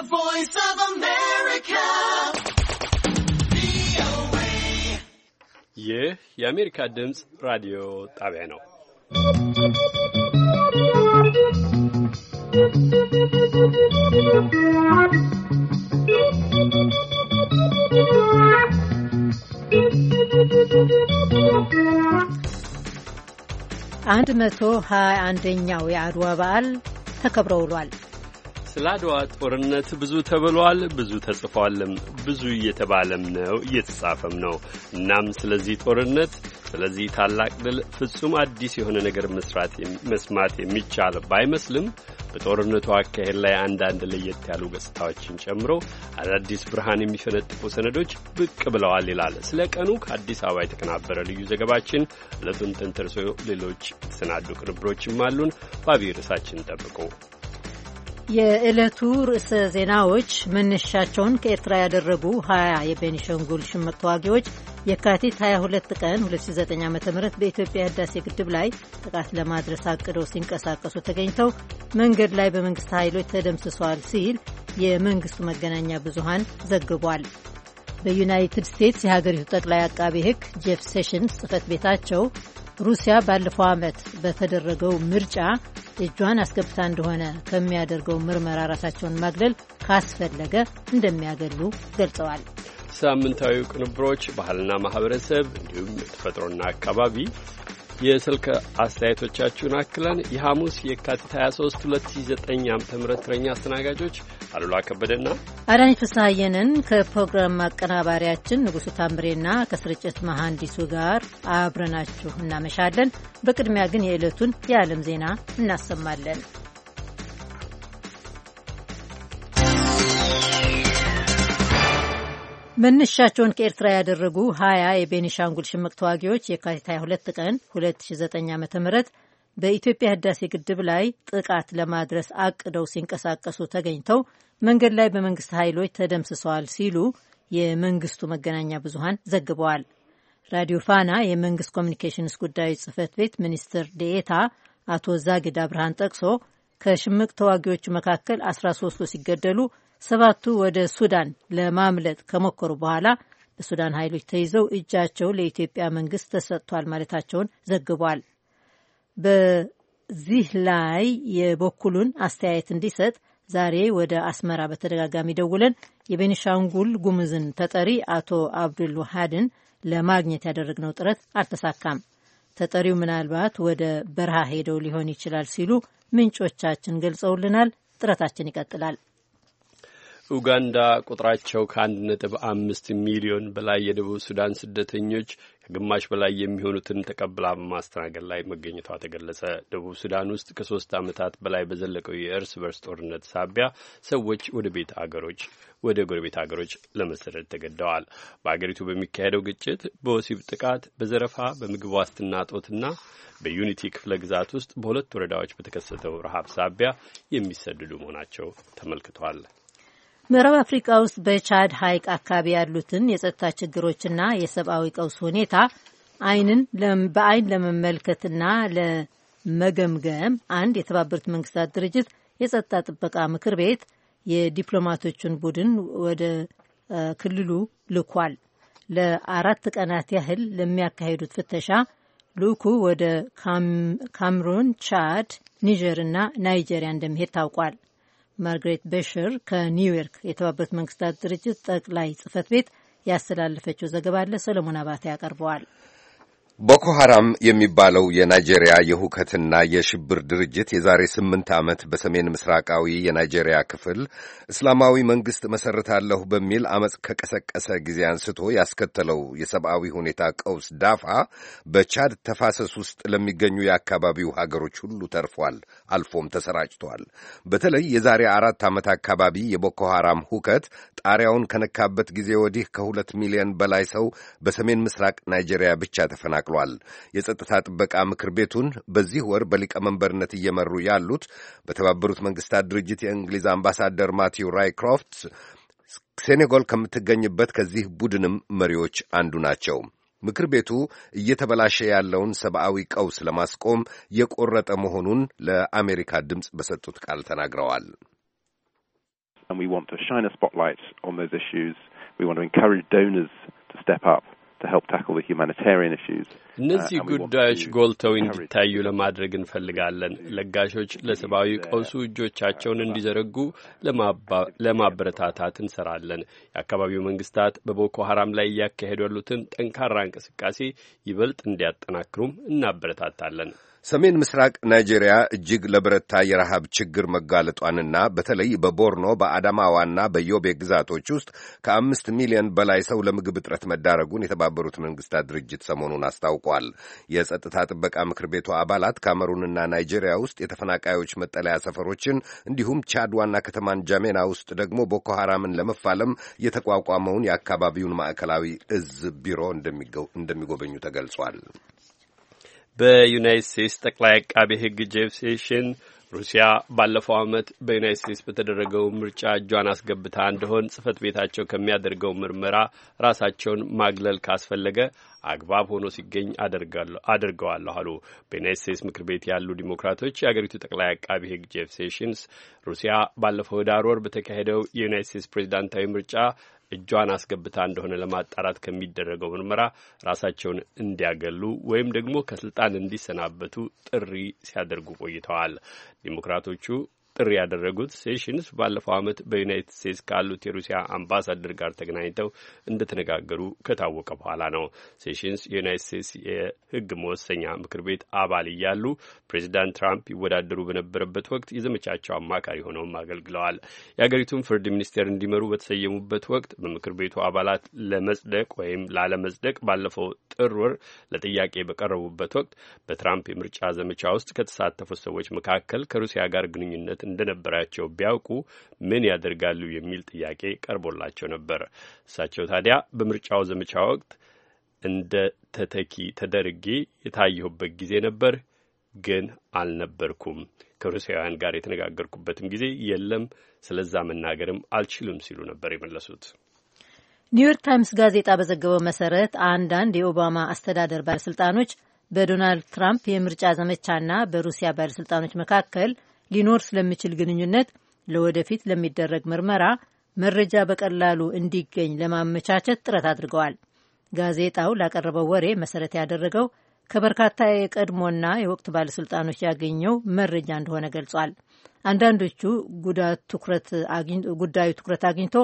The Voice of America. ይህ የአሜሪካ ድምፅ ራዲዮ ጣቢያ ነው። አንድ መቶ ሀያ አንደኛው የአድዋ በዓል ተከብሮ ውሏል። ስለ አድዋ ጦርነት ብዙ ተብሏል፣ ብዙ ተጽፏልም፣ ብዙ እየተባለም ነው እየተጻፈም ነው። እናም ስለዚህ ጦርነት፣ ስለዚህ ታላቅ ድል ፍጹም አዲስ የሆነ ነገር መስማት የሚቻል ባይመስልም በጦርነቱ አካሄድ ላይ አንዳንድ ለየት ያሉ ገጽታዎችን ጨምሮ አዳዲስ ብርሃን የሚፈነጥቁ ሰነዶች ብቅ ብለዋል ይላል። ስለ ቀኑ ከአዲስ አበባ የተቀናበረ ልዩ ዘገባችን ዕለቱን ተንተርሶ ሌሎች የተሰናዱ ቅንብሮችም አሉን። በአብይ ርዕሳችን ጠብቁ። የዕለቱ ርዕሰ ዜናዎች መነሻቸውን ከኤርትራ ያደረጉ 20 የቤኒሸንጉል ሽምቅ ተዋጊዎች የካቲት 22 ቀን 2009 ዓ ም በኢትዮጵያ ህዳሴ ግድብ ላይ ጥቃት ለማድረስ አቅደው ሲንቀሳቀሱ ተገኝተው መንገድ ላይ በመንግሥት ኃይሎች ተደምስሰዋል ሲል የመንግሥቱ መገናኛ ብዙሃን ዘግቧል። በዩናይትድ ስቴትስ የሀገሪቱ ጠቅላይ አቃቤ ሕግ ጄፍ ሴሽንስ ጽህፈት ቤታቸው ሩሲያ ባለፈው ዓመት በተደረገው ምርጫ እጇን አስገብታ እንደሆነ ከሚያደርገው ምርመራ ራሳቸውን ማግለል ካስፈለገ እንደሚያገሉ ገልጸዋል። ሳምንታዊ ቅንብሮች፣ ባህልና ማህበረሰብ እንዲሁም ተፈጥሮና አካባቢ የስልክ አስተያየቶቻችሁን አክለን የሐሙስ የካቲት 23 2009 ዓ ም ተረኛ አስተናጋጆች አሉላ ከበደና አዳኝ ፍስሐየንን ከፕሮግራም አቀናባሪያችን ንጉሱ ታምሬና ከስርጭት መሐንዲሱ ጋር አብረናችሁ እናመሻለን። በቅድሚያ ግን የዕለቱን የዓለም ዜና እናሰማለን። መነሻቸውን ከኤርትራ ያደረጉ ሀያ የቤኒሻንጉል ሽምቅ ተዋጊዎች የካቲት 22 ቀን 2009 ዓ ም በኢትዮጵያ ህዳሴ ግድብ ላይ ጥቃት ለማድረስ አቅደው ሲንቀሳቀሱ ተገኝተው መንገድ ላይ በመንግስት ኃይሎች ተደምስሰዋል ሲሉ የመንግስቱ መገናኛ ብዙሀን ዘግበዋል። ራዲዮ ፋና የመንግስት ኮሚኒኬሽንስ ጉዳዮች ጽህፈት ቤት ሚኒስትር ዴኤታ አቶ ዛጊድ አብርሃን ጠቅሶ ከሽምቅ ተዋጊዎቹ መካከል 13ቱ ሲገደሉ ሰባቱ ወደ ሱዳን ለማምለጥ ከሞከሩ በኋላ በሱዳን ኃይሎች ተይዘው እጃቸው ለኢትዮጵያ መንግስት ተሰጥቷል ማለታቸውን ዘግቧል። በዚህ ላይ የበኩሉን አስተያየት እንዲሰጥ ዛሬ ወደ አስመራ በተደጋጋሚ ደውለን የቤኒሻንጉል ጉምዝን ተጠሪ አቶ አብዱል ውሃድን ለማግኘት ያደረግነው ጥረት አልተሳካም። ተጠሪው ምናልባት ወደ በረሃ ሄደው ሊሆን ይችላል ሲሉ ምንጮቻችን ገልጸውልናል። ጥረታችን ይቀጥላል። ኡጋንዳ ቁጥራቸው ከአንድ ነጥብ አምስት ሚሊዮን በላይ የደቡብ ሱዳን ስደተኞች ከግማሽ በላይ የሚሆኑትን ተቀብላ በማስተናገድ ላይ መገኘቷ ተገለጸ። ደቡብ ሱዳን ውስጥ ከሶስት ዓመታት በላይ በዘለቀው የእርስ በርስ ጦርነት ሳቢያ ሰዎች ወደ ቤት አገሮች ወደ ጎረቤት አገሮች ለመሰደድ ተገደዋል። በአገሪቱ በሚካሄደው ግጭት፣ በወሲብ ጥቃት፣ በዘረፋ፣ በምግብ ዋስትና እጦትና በዩኒቲ ክፍለ ግዛት ውስጥ በሁለት ወረዳዎች በተከሰተው ረሃብ ሳቢያ የሚሰደዱ መሆናቸው ተመልክቷል። ምዕራብ አፍሪካ ውስጥ በቻድ ሐይቅ አካባቢ ያሉትን የጸጥታ ችግሮችና የሰብአዊ ቀውስ ሁኔታ አይንን በአይን ለመመልከትና ለመገምገም አንድ የተባበሩት መንግስታት ድርጅት የጸጥታ ጥበቃ ምክር ቤት የዲፕሎማቶቹን ቡድን ወደ ክልሉ ልኳል። ለአራት ቀናት ያህል ለሚያካሂዱት ፍተሻ ልኡኩ ወደ ካምሩን፣ ቻድ፣ ኒጀር እና ናይጄሪያ እንደሚሄድ ታውቋል። ማርግሬት በሽር ከኒውዮርክ የተባበሩት መንግስታት ድርጅት ጠቅላይ ጽህፈት ቤት ያስተላለፈችው ዘገባ አለ። ሰለሞን አባተ ያቀርበዋል። ቦኮ ሐራም የሚባለው የናይጄሪያ የሁከትና የሽብር ድርጅት የዛሬ ስምንት ዓመት በሰሜን ምስራቃዊ የናይጄሪያ ክፍል እስላማዊ መንግሥት መሠረታለሁ በሚል ዐመፅ ከቀሰቀሰ ጊዜ አንስቶ ያስከተለው የሰብአዊ ሁኔታ ቀውስ ዳፋ በቻድ ተፋሰስ ውስጥ ለሚገኙ የአካባቢው ሀገሮች ሁሉ ተርፏል፣ አልፎም ተሰራጭቷል። በተለይ የዛሬ አራት ዓመት አካባቢ የቦኮ ሐራም ሁከት ጣሪያውን ከነካበት ጊዜ ወዲህ ከሁለት ሚሊዮን በላይ ሰው በሰሜን ምስራቅ ናይጄሪያ ብቻ ተፈናቅ ተቀላቅሏል። የጸጥታ ጥበቃ ምክር ቤቱን በዚህ ወር በሊቀመንበርነት እየመሩ ያሉት በተባበሩት መንግስታት ድርጅት የእንግሊዝ አምባሳደር ማቲው ራይክሮፍት ሴኔጎል ከምትገኝበት ከዚህ ቡድንም መሪዎች አንዱ ናቸው። ምክር ቤቱ እየተበላሸ ያለውን ሰብአዊ ቀውስ ለማስቆም የቆረጠ መሆኑን ለአሜሪካ ድምፅ በሰጡት ቃል ተናግረዋል። And we want to shine a spotlight on those issues. We want to encourage donors to step up. Uh, እነዚህ ጉዳዮች ጎልተው እንዲታዩ ለማድረግ እንፈልጋለን። ለጋሾች ለሰብአዊ ቀውሱ እጆቻቸውን እንዲዘረጉ ለማበረታታት እንሰራለን። የአካባቢው መንግስታት በቦኮ ሀራም ላይ እያካሄዱ ያሉትን ጠንካራ እንቅስቃሴ ይበልጥ እንዲያጠናክሩም እናበረታታለን። ሰሜን ምስራቅ ናይጄሪያ እጅግ ለበረታ የረሃብ ችግር መጋለጧንና በተለይ በቦርኖ በአዳማዋና በዮቤ ግዛቶች ውስጥ ከአምስት ሚሊዮን በላይ ሰው ለምግብ እጥረት መዳረጉን የተባበሩት መንግስታት ድርጅት ሰሞኑን አስታውቋል። የጸጥታ ጥበቃ ምክር ቤቱ አባላት ካሜሩንና ናይጄሪያ ውስጥ የተፈናቃዮች መጠለያ ሰፈሮችን እንዲሁም ቻድ ዋና ከተማን ጃሜና ውስጥ ደግሞ ቦኮ ሐራምን ለመፋለም የተቋቋመውን የአካባቢውን ማዕከላዊ እዝ ቢሮ እንደሚጎበኙ ተገልጿል። በዩናይት ስቴትስ ጠቅላይ አቃቢ ሕግ ጄፍ ሴሽን ሩሲያ ባለፈው ዓመት በዩናይት ስቴትስ በተደረገው ምርጫ እጇን አስገብታ እንደሆን ጽህፈት ቤታቸው ከሚያደርገው ምርመራ ራሳቸውን ማግለል ካስፈለገ አግባብ ሆኖ ሲገኝ አድርገዋለሁ አሉ። በዩናይት ስቴትስ ምክር ቤት ያሉ ዲሞክራቶች የአገሪቱ ጠቅላይ አቃቢ ሕግ ጄፍ ሴሽንስ ሩሲያ ባለፈው ዳር ወር በተካሄደው የዩናይት ስቴትስ ፕሬዚዳንታዊ ምርጫ እጇን አስገብታ እንደሆነ ለማጣራት ከሚደረገው ምርመራ ራሳቸውን እንዲያገሉ ወይም ደግሞ ከስልጣን እንዲሰናበቱ ጥሪ ሲያደርጉ ቆይተዋል። ዴሞክራቶቹ ጥሪ ያደረጉት ሴሽንስ ባለፈው ዓመት በዩናይትድ ስቴትስ ካሉት የሩሲያ አምባሳደር ጋር ተገናኝተው እንደተነጋገሩ ከታወቀ በኋላ ነው። ሴሽንስ የዩናይትድ ስቴትስ የሕግ መወሰኛ ምክር ቤት አባል እያሉ ፕሬዚዳንት ትራምፕ ይወዳደሩ በነበረበት ወቅት የዘመቻቸው አማካሪ ሆነውም አገልግለዋል። የአገሪቱን ፍርድ ሚኒስቴር እንዲመሩ በተሰየሙበት ወቅት በምክር ቤቱ አባላት ለመጽደቅ ወይም ላለመጽደቅ ባለፈው ጥር ወር ለጥያቄ በቀረቡበት ወቅት በትራምፕ የምርጫ ዘመቻ ውስጥ ከተሳተፉት ሰዎች መካከል ከሩሲያ ጋር ግንኙነት እንደነበራቸው ቢያውቁ ምን ያደርጋሉ የሚል ጥያቄ ቀርቦላቸው ነበር። እሳቸው ታዲያ በምርጫው ዘመቻ ወቅት እንደ ተተኪ ተደርጌ የታየሁበት ጊዜ ነበር፣ ግን አልነበርኩም። ከሩሲያውያን ጋር የተነጋገርኩበትም ጊዜ የለም፣ ስለዛ መናገርም አልችልም ሲሉ ነበር የመለሱት። ኒውዮርክ ታይምስ ጋዜጣ በዘገበው መሰረት አንዳንድ የኦባማ አስተዳደር ባለስልጣኖች በዶናልድ ትራምፕ የምርጫ ዘመቻና በሩሲያ ባለስልጣኖች መካከል ሊኖር ስለሚችል ግንኙነት ለወደፊት ለሚደረግ ምርመራ መረጃ በቀላሉ እንዲገኝ ለማመቻቸት ጥረት አድርገዋል። ጋዜጣው ላቀረበው ወሬ መሰረት ያደረገው ከበርካታ የቀድሞና የወቅት ባለስልጣኖች ያገኘው መረጃ እንደሆነ ገልጿል። አንዳንዶቹ ጉዳዩ ትኩረት አግኝቶ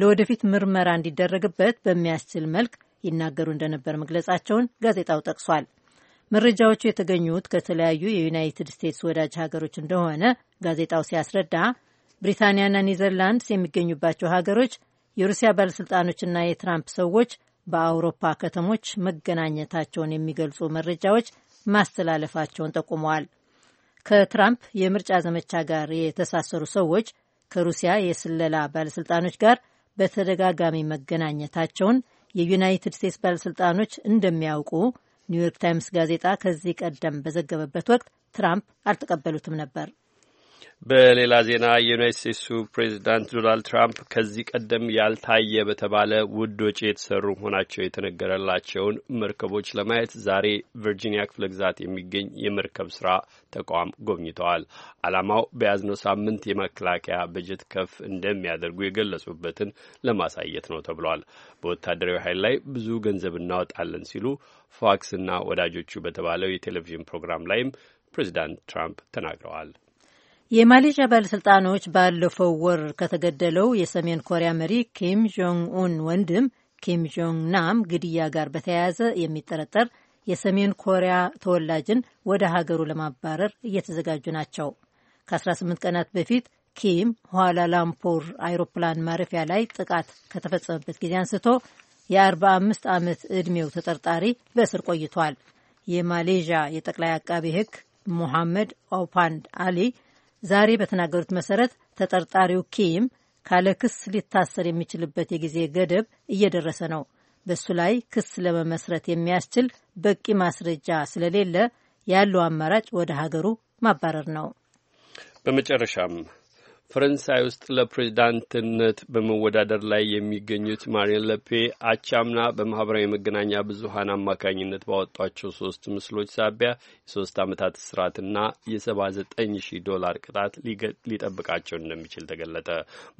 ለወደፊት ምርመራ እንዲደረግበት በሚያስችል መልክ ይናገሩ እንደነበር መግለጻቸውን ጋዜጣው ጠቅሷል። መረጃዎቹ የተገኙት ከተለያዩ የዩናይትድ ስቴትስ ወዳጅ ሀገሮች እንደሆነ ጋዜጣው ሲያስረዳ ብሪታንያና ኒዘርላንድስ የሚገኙባቸው ሀገሮች የሩሲያ ባለሥልጣኖችና የትራምፕ ሰዎች በአውሮፓ ከተሞች መገናኘታቸውን የሚገልጹ መረጃዎች ማስተላለፋቸውን ጠቁመዋል። ከትራምፕ የምርጫ ዘመቻ ጋር የተሳሰሩ ሰዎች ከሩሲያ የስለላ ባለሥልጣኖች ጋር በተደጋጋሚ መገናኘታቸውን የዩናይትድ ስቴትስ ባለሥልጣኖች እንደሚያውቁ ኒውዮርክ ታይምስ ጋዜጣ ከዚህ ቀደም በዘገበበት ወቅት ትራምፕ አልተቀበሉትም ነበር። በሌላ ዜና የዩናይት ስቴትሱ ፕሬዚዳንት ዶናልድ ትራምፕ ከዚህ ቀደም ያልታየ በተባለ ውድ ወጪ የተሰሩ መሆናቸው የተነገረላቸውን መርከቦች ለማየት ዛሬ ቨርጂኒያ ክፍለ ግዛት የሚገኝ የመርከብ ስራ ተቋም ጎብኝተዋል። ዓላማው በያዝነው ሳምንት የመከላከያ በጀት ከፍ እንደሚያደርጉ የገለጹበትን ለማሳየት ነው ተብሏል። በወታደራዊ ኃይል ላይ ብዙ ገንዘብ እናወጣለን ሲሉ ፎክስና ወዳጆቹ በተባለው የቴሌቪዥን ፕሮግራም ላይም ፕሬዚዳንት ትራምፕ ተናግረዋል። የማሌዥያ ባለሥልጣኖች ባለፈው ወር ከተገደለው የሰሜን ኮሪያ መሪ ኪም ጆንግ ኡን ወንድም ኪም ጆንግ ናም ግድያ ጋር በተያያዘ የሚጠረጠር የሰሜን ኮሪያ ተወላጅን ወደ ሀገሩ ለማባረር እየተዘጋጁ ናቸው። ከ18 ቀናት በፊት ኪም ኋላላምፖር አይሮፕላን ማረፊያ ላይ ጥቃት ከተፈጸመበት ጊዜ አንስቶ የ45 ዓመት ዕድሜው ተጠርጣሪ በእስር ቆይቷል። የማሌዥያ የጠቅላይ አቃቢ ሕግ ሙሐመድ ኦፓንድ አሊ ዛሬ በተናገሩት መሰረት ተጠርጣሪው ኪም ካለ ክስ ሊታሰር የሚችልበት የጊዜ ገደብ እየደረሰ ነው። በእሱ ላይ ክስ ለመመስረት የሚያስችል በቂ ማስረጃ ስለሌለ ያለው አማራጭ ወደ ሀገሩ ማባረር ነው። በመጨረሻም ፈረንሳይ ውስጥ ለፕሬዚዳንትነት በመወዳደር ላይ የሚገኙት ማሪን ለፔ አቻምና በማህበራዊ መገናኛ ብዙሀን አማካኝነት ባወጧቸው ሶስት ምስሎች ሳቢያ የሶስት ዓመታት እስራትና የሰባ ዘጠኝ ሺህ ዶላር ቅጣት ሊጠብቃቸው እንደሚችል ተገለጠ።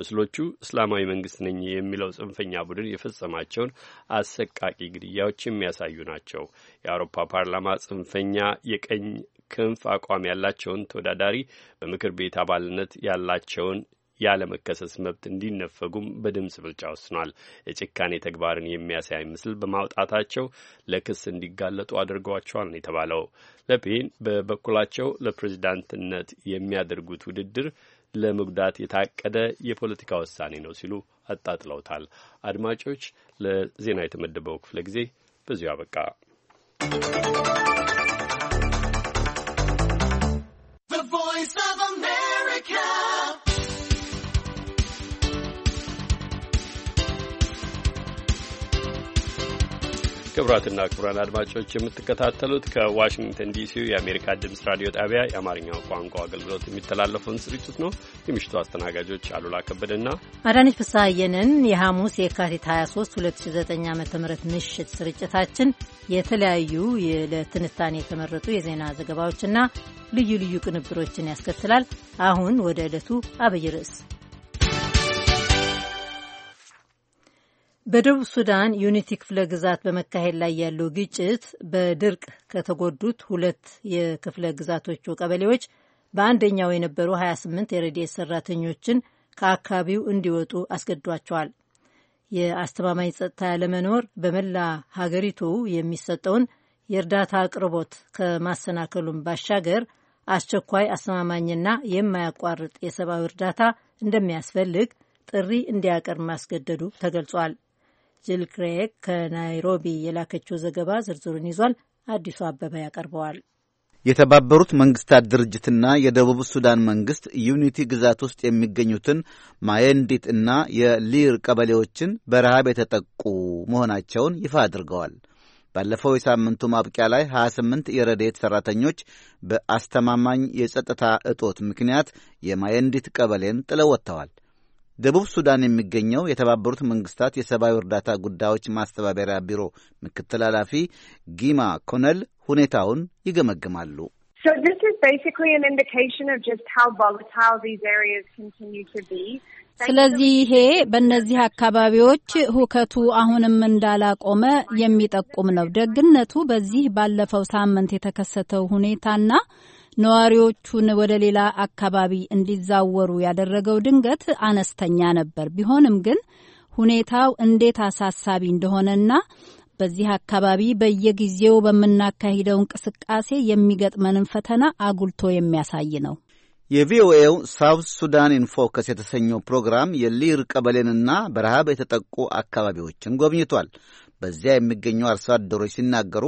ምስሎቹ እስላማዊ መንግስት ነኝ የሚለው ጽንፈኛ ቡድን የፈጸማቸውን አሰቃቂ ግድያዎች የሚያሳዩ ናቸው። የአውሮፓ ፓርላማ ጽንፈኛ የቀኝ ክንፍ አቋም ያላቸውን ተወዳዳሪ በምክር ቤት አባልነት ያላቸውን ያለመከሰስ መብት እንዲነፈጉም በድምፅ ብልጫ ወስኗል። የጭካኔ ተግባርን የሚያሳይ ምስል በማውጣታቸው ለክስ እንዲጋለጡ አድርገዋቸዋል ነው የተባለው። ለፔን በበኩላቸው ለፕሬዚዳንትነት የሚያደርጉት ውድድር ለመጉዳት የታቀደ የፖለቲካ ውሳኔ ነው ሲሉ አጣጥለውታል። አድማጮች፣ ለዜና የተመደበው ክፍለ ጊዜ በዚሁ አበቃ። ክቡራትና ክቡራን አድማጮች የምትከታተሉት ከዋሽንግተን ዲሲ የአሜሪካ ድምፅ ራዲዮ ጣቢያ የአማርኛው ቋንቋ አገልግሎት የሚተላለፈውን ስርጭት ነው። የምሽቱ አስተናጋጆች አሉላ ከበደና አዳነች ፍስሐየንን የሐሙስ የካቲት 23 2009 ዓ ም ምሽት ስርጭታችን የተለያዩ ለትንታኔ የተመረጡ የዜና ዘገባዎችና ልዩ ልዩ ቅንብሮችን ያስከትላል። አሁን ወደ ዕለቱ አብይ ርዕስ በደቡብ ሱዳን ዩኒቲ ክፍለ ግዛት በመካሄድ ላይ ያለው ግጭት በድርቅ ከተጎዱት ሁለት የክፍለ ግዛቶቹ ቀበሌዎች በአንደኛው የነበሩ 28 የረድኤት ሰራተኞችን ከአካባቢው እንዲወጡ አስገድዷቸዋል። የአስተማማኝ ጸጥታ ያለመኖር በመላ ሀገሪቱ የሚሰጠውን የእርዳታ አቅርቦት ከማሰናከሉን ባሻገር አስቸኳይ አስተማማኝና የማያቋርጥ የሰብአዊ እርዳታ እንደሚያስፈልግ ጥሪ እንዲያቀርብ ማስገደዱ ተገልጿል። ጅል ክሬግ ከናይሮቢ የላከችው ዘገባ ዝርዝሩን ይዟል። አዲሱ አበበ ያቀርበዋል። የተባበሩት መንግስታት ድርጅትና የደቡብ ሱዳን መንግስት ዩኒቲ ግዛት ውስጥ የሚገኙትን ማየንዲት እና የሊር ቀበሌዎችን በረሃብ የተጠቁ መሆናቸውን ይፋ አድርገዋል። ባለፈው የሳምንቱ ማብቂያ ላይ 28 የረድኤት ሠራተኞች በአስተማማኝ የጸጥታ እጦት ምክንያት የማየንዲት ቀበሌን ጥለው ወጥተዋል። ደቡብ ሱዳን የሚገኘው የተባበሩት መንግስታት የሰብአዊ እርዳታ ጉዳዮች ማስተባበሪያ ቢሮ ምክትል ኃላፊ ጊማ ኮነል ሁኔታውን ይገመግማሉ። ስለዚህ ይሄ በእነዚህ አካባቢዎች ሁከቱ አሁንም እንዳላቆመ የሚጠቁም ነው። ደግነቱ በዚህ ባለፈው ሳምንት የተከሰተው ሁኔታና ነዋሪዎቹን ወደ ሌላ አካባቢ እንዲዛወሩ ያደረገው ድንገት አነስተኛ ነበር። ቢሆንም ግን ሁኔታው እንዴት አሳሳቢ እንደሆነና በዚህ አካባቢ በየጊዜው በምናካሂደው እንቅስቃሴ የሚገጥመንን ፈተና አጉልቶ የሚያሳይ ነው። የቪኦኤው ሳውት ሱዳን ኢንፎከስ የተሰኘው ፕሮግራም የሊር ቀበሌንና በረሃብ የተጠቁ አካባቢዎችን ጎብኝቷል። በዚያ የሚገኙ አርሶ አደሮች ሲናገሩ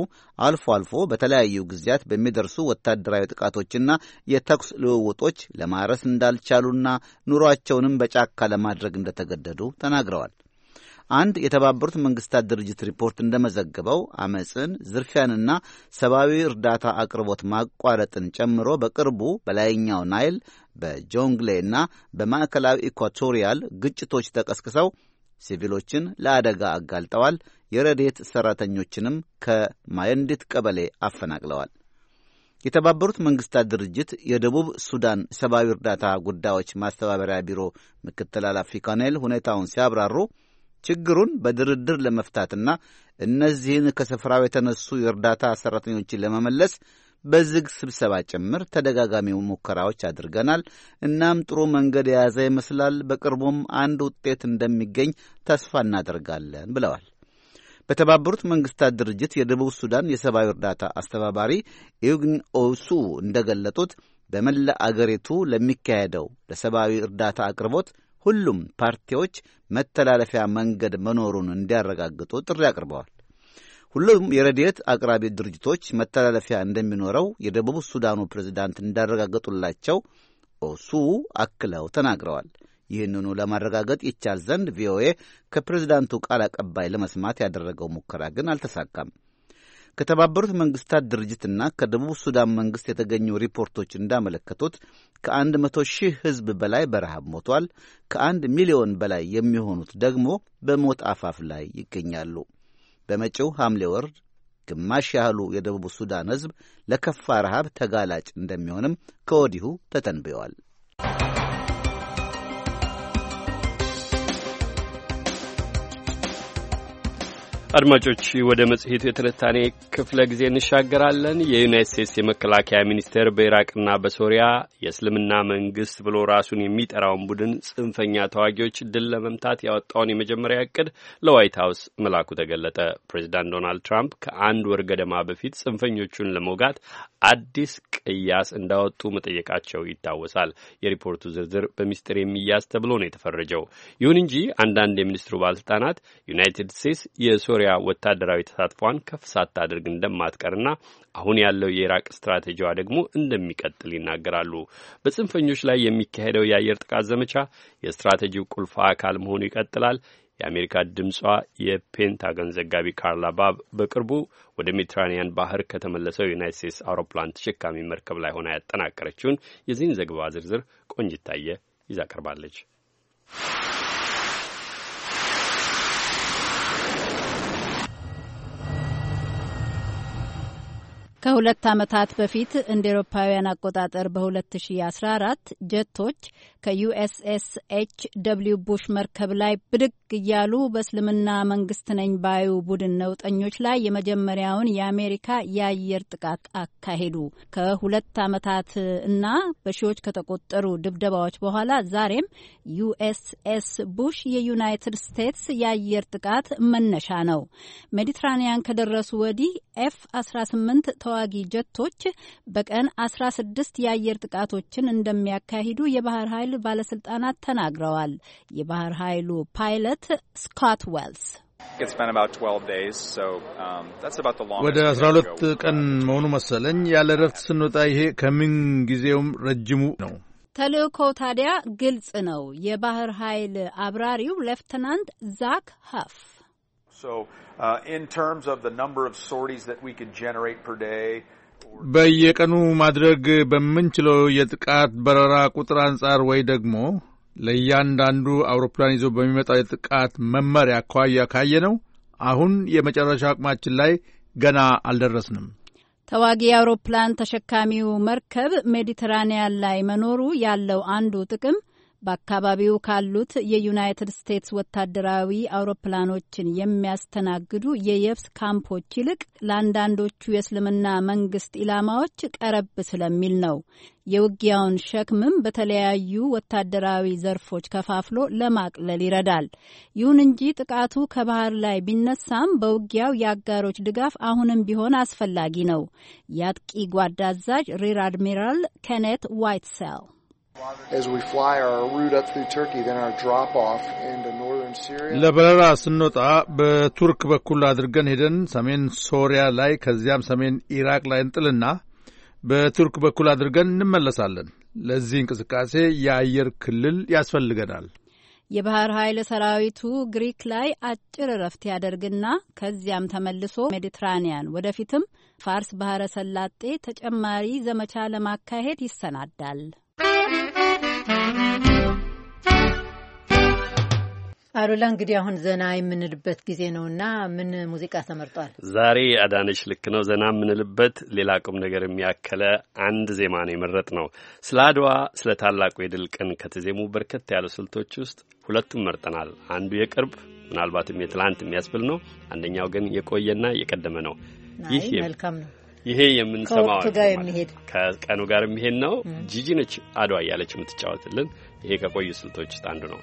አልፎ አልፎ በተለያዩ ጊዜያት በሚደርሱ ወታደራዊ ጥቃቶችና የተኩስ ልውውጦች ለማረስ እንዳልቻሉና ኑሯቸውንም በጫካ ለማድረግ እንደተገደዱ ተናግረዋል። አንድ የተባበሩት መንግስታት ድርጅት ሪፖርት እንደመዘገበው አመፅን፣ ዝርፊያንና ሰብአዊ እርዳታ አቅርቦት ማቋረጥን ጨምሮ በቅርቡ በላይኛው ናይል በጆንግሌ እና በማዕከላዊ ኢኳቶሪያል ግጭቶች ተቀስቅሰው ሲቪሎችን ለአደጋ አጋልጠዋል። የረዴት ሠራተኞችንም ከማየንዲት ቀበሌ አፈናቅለዋል። የተባበሩት መንግሥታት ድርጅት የደቡብ ሱዳን ሰብአዊ እርዳታ ጉዳዮች ማስተባበሪያ ቢሮ ምክትል ኃላፊ ኮኔል ሁኔታውን ሲያብራሩ ችግሩን በድርድር ለመፍታትና እነዚህን ከስፍራው የተነሱ የእርዳታ ሠራተኞችን ለመመለስ በዝግ ስብሰባ ጭምር ተደጋጋሚ ሙከራዎች አድርገናል። እናም ጥሩ መንገድ የያዘ ይመስላል። በቅርቡም አንድ ውጤት እንደሚገኝ ተስፋ እናደርጋለን ብለዋል። በተባበሩት መንግስታት ድርጅት የደቡብ ሱዳን የሰብአዊ እርዳታ አስተባባሪ ኢግን ኦሱ እንደገለጡት በመላ አገሪቱ ለሚካሄደው ለሰብአዊ እርዳታ አቅርቦት ሁሉም ፓርቲዎች መተላለፊያ መንገድ መኖሩን እንዲያረጋግጡ ጥሪ አቅርበዋል። ሁሉም የረድኤት አቅራቢ ድርጅቶች መተላለፊያ እንደሚኖረው የደቡብ ሱዳኑ ፕሬዝዳንት እንዳረጋገጡላቸው ኦሱ አክለው ተናግረዋል። ይህንኑ ለማረጋገጥ ይቻል ዘንድ ቪኦኤ ከፕሬዚዳንቱ ቃል አቀባይ ለመስማት ያደረገው ሙከራ ግን አልተሳካም። ከተባበሩት መንግስታት ድርጅትና ከደቡብ ሱዳን መንግስት የተገኙ ሪፖርቶች እንዳመለከቱት ከአንድ መቶ ሺህ ሕዝብ በላይ በረሃብ ሞቷል። ከአንድ ሚሊዮን በላይ የሚሆኑት ደግሞ በሞት አፋፍ ላይ ይገኛሉ። በመጪው ሐምሌ ወር ግማሽ ያህሉ የደቡብ ሱዳን ሕዝብ ለከፋ ረሃብ ተጋላጭ እንደሚሆንም ከወዲሁ ተተንብየዋል። አድማጮች ወደ መጽሔቱ የትንታኔ ክፍለ ጊዜ እንሻገራለን። የዩናይት ስቴትስ የመከላከያ ሚኒስቴር በኢራቅና በሶሪያ የእስልምና መንግስት ብሎ ራሱን የሚጠራውን ቡድን ጽንፈኛ ተዋጊዎች ድል ለመምታት ያወጣውን የመጀመሪያ እቅድ ለዋይት ሀውስ መላኩ ተገለጠ። ፕሬዚዳንት ዶናልድ ትራምፕ ከአንድ ወር ገደማ በፊት ጽንፈኞቹን ለመውጋት አዲስ ቅያስ እንዳወጡ መጠየቃቸው ይታወሳል። የሪፖርቱ ዝርዝር በሚስጥር የሚያዝ ተብሎ ነው የተፈረጀው። ይሁን እንጂ አንዳንድ የሚኒስትሩ ባለስልጣናት ዩናይትድ ስቴትስ የሶሪያ ሶሪያ ወታደራዊ ተሳትፏን ከፍ ሳታደርግ እንደማትቀርና አሁን ያለው የኢራቅ ስትራቴጂዋ ደግሞ እንደሚቀጥል ይናገራሉ። በጽንፈኞች ላይ የሚካሄደው የአየር ጥቃት ዘመቻ የስትራቴጂው ቁልፍ አካል መሆኑ ይቀጥላል። የአሜሪካ ድምጿ የፔንታገን ዘጋቢ ካርላ ባብ በቅርቡ ወደ ሜዲትራኒያን ባህር ከተመለሰው የዩናይት ስቴትስ አውሮፕላን ተሸካሚ መርከብ ላይ ሆና ያጠናቀረችውን የዚህን ዘገባ ዝርዝር ቆንጅታየ ይዛ ቀርባለች። ከሁለት ዓመታት በፊት እንደ ኤሮፓውያን አቆጣጠር በ2014 ጀቶች ከዩኤስኤስ ኤች ደብሊው ቡሽ መርከብ ላይ ብድግ እያሉ በእስልምና መንግስት ነኝ ባዩ ቡድን ነውጠኞች ላይ የመጀመሪያውን የአሜሪካ የአየር ጥቃት አካሄዱ። ከሁለት ዓመታት እና በሺዎች ከተቆጠሩ ድብደባዎች በኋላ ዛሬም ዩኤስኤስ ቡሽ የዩናይትድ ስቴትስ የአየር ጥቃት መነሻ ነው። ሜዲትራኒያን ከደረሱ ወዲህ ኤፍ 18 ተዋጊ ጀቶች በቀን 16 የአየር ጥቃቶችን እንደሚያካሂዱ የባህር ኃይል ባለስልጣናት ተናግረዋል። የባህር ኃይሉ ፓይለት ስኮት ዌልስ um, ወደ 12 ቀን መሆኑ መሰለኝ ያለ እረፍት ስንወጣ ይሄ ከምን ጊዜውም ረጅሙ ነው። ተልእኮ ታዲያ ግልጽ ነው። የባህር ኃይል አብራሪው ሌፍትናንት ዛክ ሀፍ So, uh, in terms of the number of sorties that we could generate per day, በየቀኑ ማድረግ በምንችለው የጥቃት በረራ ቁጥር አንጻር ወይ ደግሞ ለእያንዳንዱ አውሮፕላን ይዞ በሚመጣው የጥቃት መመሪያ አኳያ ነው አሁን የመጨረሻ አቅማችን ላይ ገና አልደረስንም። ተዋጊ አውሮፕላን ተሸካሚው መርከብ ሜዲትራንያን ላይ መኖሩ ያለው አንዱ ጥቅም በአካባቢው ካሉት የዩናይትድ ስቴትስ ወታደራዊ አውሮፕላኖችን የሚያስተናግዱ የየብስ ካምፖች ይልቅ ለአንዳንዶቹ የእስልምና መንግስት ኢላማዎች ቀረብ ስለሚል ነው። የውጊያውን ሸክምም በተለያዩ ወታደራዊ ዘርፎች ከፋፍሎ ለማቅለል ይረዳል። ይሁን እንጂ ጥቃቱ ከባህር ላይ ቢነሳም በውጊያው የአጋሮች ድጋፍ አሁንም ቢሆን አስፈላጊ ነው። የአጥቂ ጓዳ አዛዥ ሪር አድሚራል ኬኔት ዋይትሴል ለበረራ ስንወጣ በቱርክ በኩል አድርገን ሄደን ሰሜን ሶሪያ ላይ ከዚያም ሰሜን ኢራቅ ላይ እንጥልና በቱርክ በኩል አድርገን እንመለሳለን። ለዚህ እንቅስቃሴ የአየር ክልል ያስፈልገናል። የባህር ኃይል ሰራዊቱ ግሪክ ላይ አጭር እረፍት ያደርግና ከዚያም ተመልሶ ሜዲትራኒያን፣ ወደፊትም ፋርስ ባህረ ሰላጤ ተጨማሪ ዘመቻ ለማካሄድ ይሰናዳል። አሉላ እንግዲህ አሁን ዘና የምንልበት ጊዜ ነውና ምን ሙዚቃ ተመርጧል? ዛሬ አዳነች ልክ ነው። ዘና የምንልበት ሌላ ቁም ነገር የሚያከለ አንድ ዜማ ነው የመረጥ ነው። ስለ አድዋ፣ ስለ ታላቁ የድል ቀን ከተዜሙ በርከት ያሉ ስልቶች ውስጥ ሁለቱም መርጠናል። አንዱ የቅርብ ምናልባትም የትላንት የሚያስብል ነው። አንደኛው ግን የቆየና የቀደመ ነው። ይህ መልካም ነው። ይሄ የምንሰማው ከቀኑ ጋር የሚሄድ ነው። ጂጂ ነች አድዋ እያለች የምትጫወትልን። ይሄ ከቆዩ ስልቶች ውስጥ አንዱ ነው።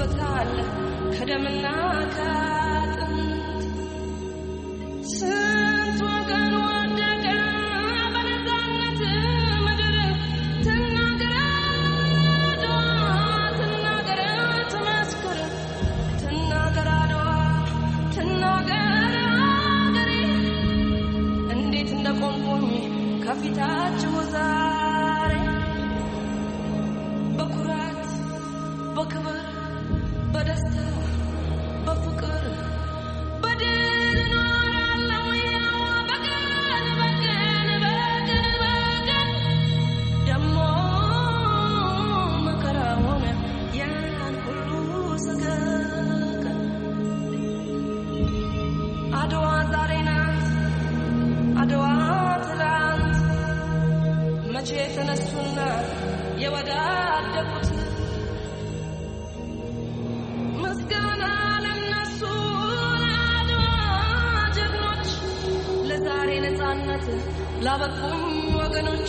ተጽፎበታል ከደምና ከ መቼ ተነሱና የወዳደቁት ምስጋና ለነሱ ለአድዋ ጀግኖች፣ ለዛሬ ነፃነት ላበቁኝ ወገኖች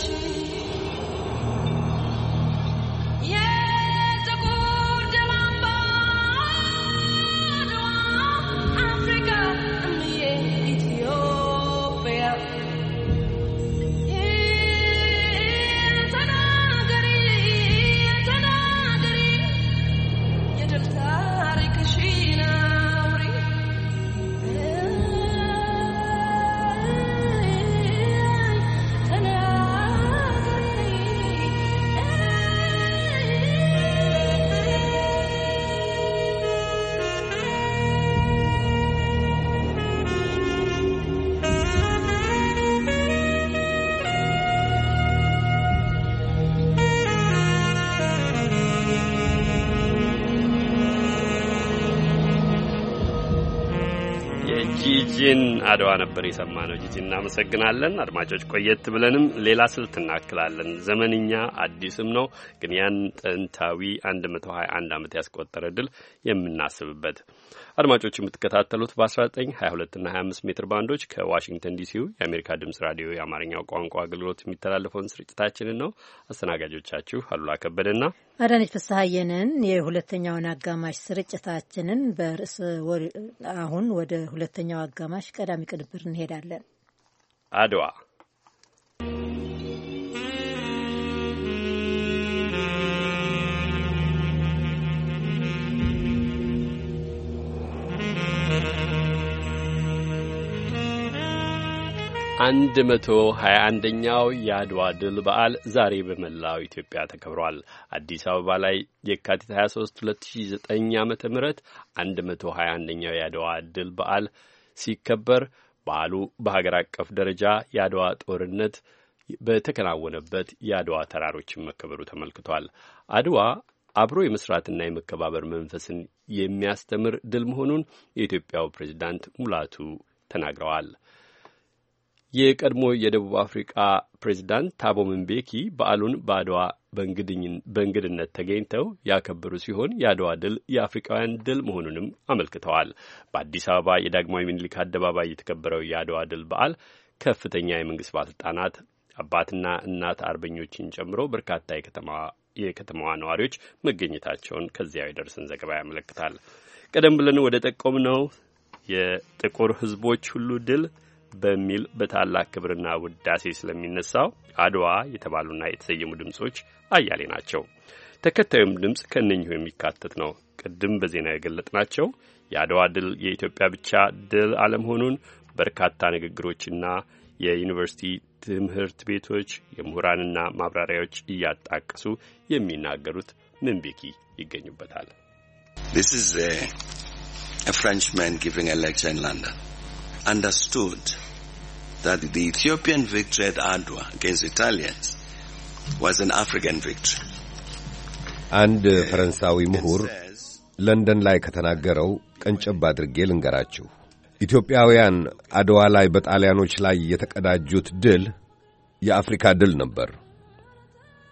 ከአድዋ ነበር የሰማነው። ጂጂ እናመሰግናለን። አድማጮች ቆየት ብለንም ሌላ ስልት እናክላለን። ዘመንኛ አዲስም ነው ግን ያን ጥንታዊ 121 ዓመት ያስቆጠረ ድል የምናስብበት አድማጮች የምትከታተሉት በ1922 እና 25 ሜትር ባንዶች ከዋሽንግተን ዲሲው የአሜሪካ ድምጽ ራዲዮ የአማርኛው ቋንቋ አገልግሎት የሚተላለፈውን ስርጭታችንን ነው። አስተናጋጆቻችሁ አሉላ ከበደና አዳነች ፍስሐየንን የሁለተኛውን አጋማሽ ስርጭታችንን በርዕስ አሁን ወደ ሁለተኛው አጋማሽ ቀዳሚ ቅንብር እንሄዳለን። አድዋ አንድ መቶ ሀያ አንደኛው የአድዋ ድል በዓል ዛሬ በመላው ኢትዮጵያ ተከብሯል። አዲስ አበባ ላይ የካቲት 23 2009 ዓ ም አንድ መቶ ሀያ አንደኛው የአድዋ ድል በዓል ሲከበር በዓሉ በሀገር አቀፍ ደረጃ የአድዋ ጦርነት በተከናወነበት የአድዋ ተራሮችን መከበሩ ተመልክቷል። አድዋ አብሮ የመስራትና የመከባበር መንፈስን የሚያስተምር ድል መሆኑን የኢትዮጵያው ፕሬዚዳንት ሙላቱ ተናግረዋል። የቀድሞ የደቡብ አፍሪቃ ፕሬዚዳንት ታቦ ምንቤኪ በዓሉን በአድዋ በእንግድነት ተገኝተው ያከበሩ ሲሆን የአድዋ ድል የአፍሪካውያን ድል መሆኑንም አመልክተዋል። በአዲስ አበባ የዳግማዊ ምኒልክ አደባባይ የተከበረው የአድዋ ድል በዓል ከፍተኛ የመንግስት ባለስልጣናት፣ አባትና እናት አርበኞችን ጨምሮ በርካታ የከተማዋ ነዋሪዎች መገኘታቸውን ከዚያው የደረሰን ዘገባ ያመለክታል። ቀደም ብለን ወደ ጠቆም ነው የጥቁር ህዝቦች ሁሉ ድል በሚል በታላቅ ክብርና ውዳሴ ስለሚነሳው አድዋ የተባሉና የተሰየሙ ድምፆች አያሌ ናቸው። ተከታዩም ድምፅ ከእነኚሁ የሚካተት ነው። ቅድም በዜና የገለጥናቸው የአድዋ ድል የኢትዮጵያ ብቻ ድል አለመሆኑን በርካታ ንግግሮችና የዩኒቨርሲቲ ትምህርት ቤቶች የምሁራንና ማብራሪያዎች እያጣቀሱ የሚናገሩት ምንቢኪ ይገኙበታል። understood that the Ethiopian victory at Adwa against Italians was an African victory. አንድ ፈረንሳዊ ምሁር ለንደን ላይ ከተናገረው ቀንጨብ አድርጌ ልንገራችሁ። ኢትዮጵያውያን አድዋ ላይ በጣሊያኖች ላይ የተቀዳጁት ድል የአፍሪካ ድል ነበር።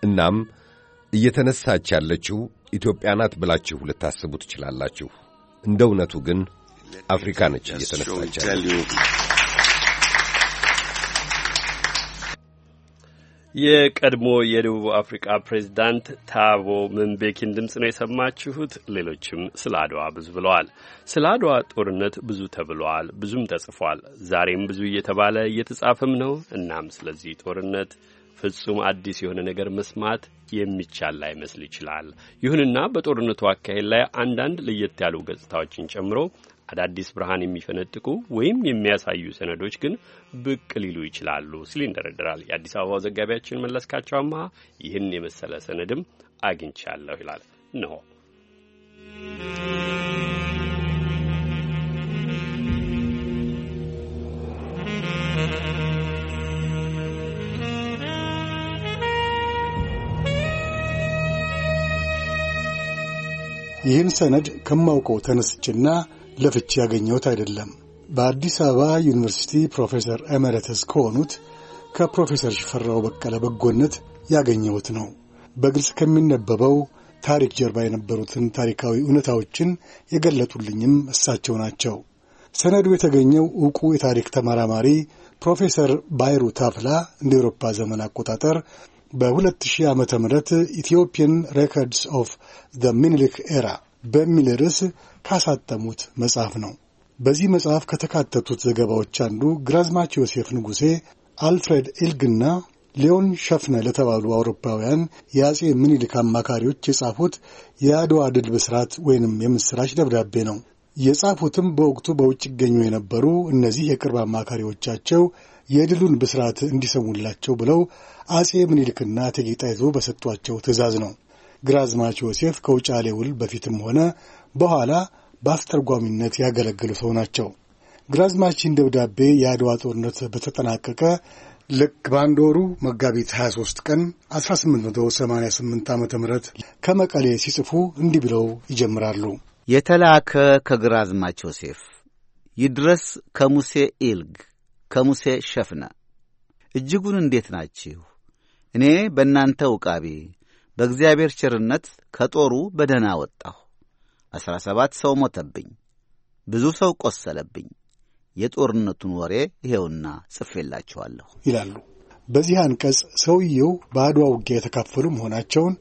እናም እየተነሳች ያለችው ኢትዮጵያ ናት ብላችሁ ልታስቡ ትችላላችሁ። እንደ እውነቱ ግን አፍሪካ ነች የቀድሞ የደቡብ አፍሪካ ፕሬዚዳንት ታቦ መንቤኪን ድምፅ ነው የሰማችሁት። ሌሎችም ስለ አድዋ ብዙ ብለዋል። ስለ አድዋ ጦርነት ብዙ ተብለዋል፣ ብዙም ተጽፏል። ዛሬም ብዙ እየተባለ እየተጻፈም ነው። እናም ስለዚህ ጦርነት ፍጹም አዲስ የሆነ ነገር መስማት የሚቻል ላይመስል ይችላል። ይሁንና በጦርነቱ አካሄድ ላይ አንዳንድ ለየት ያሉ ገጽታዎችን ጨምሮ አዳዲስ ብርሃን የሚፈነጥቁ ወይም የሚያሳዩ ሰነዶች ግን ብቅ ሊሉ ይችላሉ ሲል ይንደረደራል። የአዲስ አበባው ዘጋቢያችን መለስካቸው ይህን የመሰለ ሰነድም አግኝቻለሁ ይላል። እንሆ ይህን ሰነድ ከማውቀው ተነስችና ለፍቺ ያገኘሁት አይደለም። በአዲስ አበባ ዩኒቨርሲቲ ፕሮፌሰር ኤሜሬተስ ከሆኑት ከፕሮፌሰር ሽፈራው በቀለ በጎነት ያገኘሁት ነው። በግልጽ ከሚነበበው ታሪክ ጀርባ የነበሩትን ታሪካዊ እውነታዎችን የገለጡልኝም እሳቸው ናቸው። ሰነዱ የተገኘው ዕውቁ የታሪክ ተመራማሪ ፕሮፌሰር ባይሩ ታፍላ እንደ ኤውሮፓ ዘመን አቆጣጠር በ2000 ዓ ም ኢትዮጵያን ሬኮርድስ ኦፍ ዘ ሚኒሊክ ኤራ በሚል ርዕስ ካሳተሙት መጽሐፍ ነው። በዚህ መጽሐፍ ከተካተቱት ዘገባዎች አንዱ ግራዝማች ዮሴፍ ንጉሴ፣ አልፍሬድ ኢልግና ሊዮን ሸፍነ ለተባሉ አውሮፓውያን የአጼ ምኒልክ አማካሪዎች የጻፉት የአድዋ ድል ብስራት ወይንም የምሥራች ደብዳቤ ነው። የጻፉትም በወቅቱ በውጭ ይገኙ የነበሩ እነዚህ የቅርብ አማካሪዎቻቸው የድሉን ብስራት እንዲሰሙላቸው ብለው አጼ ምኒልክና እቴጌ ጣይቱ በሰጧቸው ትእዛዝ ነው። ግራዝማች ዮሴፍ ከውጫሌ ውል በፊትም ሆነ በኋላ በአስተርጓሚነት ያገለገሉ ሰው ናቸው። ግራዝማችን ደብዳቤ የአድዋ ጦርነት በተጠናቀቀ ልክ በአንድ ወሩ መጋቢት 23 ቀን 1888 ዓ ም ከመቀሌ ሲጽፉ እንዲህ ብለው ይጀምራሉ። የተላከ ከግራዝማች ዮሴፍ ይድረስ ከሙሴ ኢልግ ከሙሴ ሸፍነ እጅጉን እንዴት ናችሁ? እኔ በእናንተ ውቃቢ በእግዚአብሔር ቸርነት ከጦሩ በደህና ወጣሁ። አሥራ ሰባት ሰው ሞተብኝ፣ ብዙ ሰው ቆሰለብኝ። የጦርነቱን ወሬ ይሄውና ጽፌላችኋለሁ ይላሉ። በዚህ አንቀጽ ሰውየው በአድዋ ውጊያ የተካፈሉ መሆናቸውን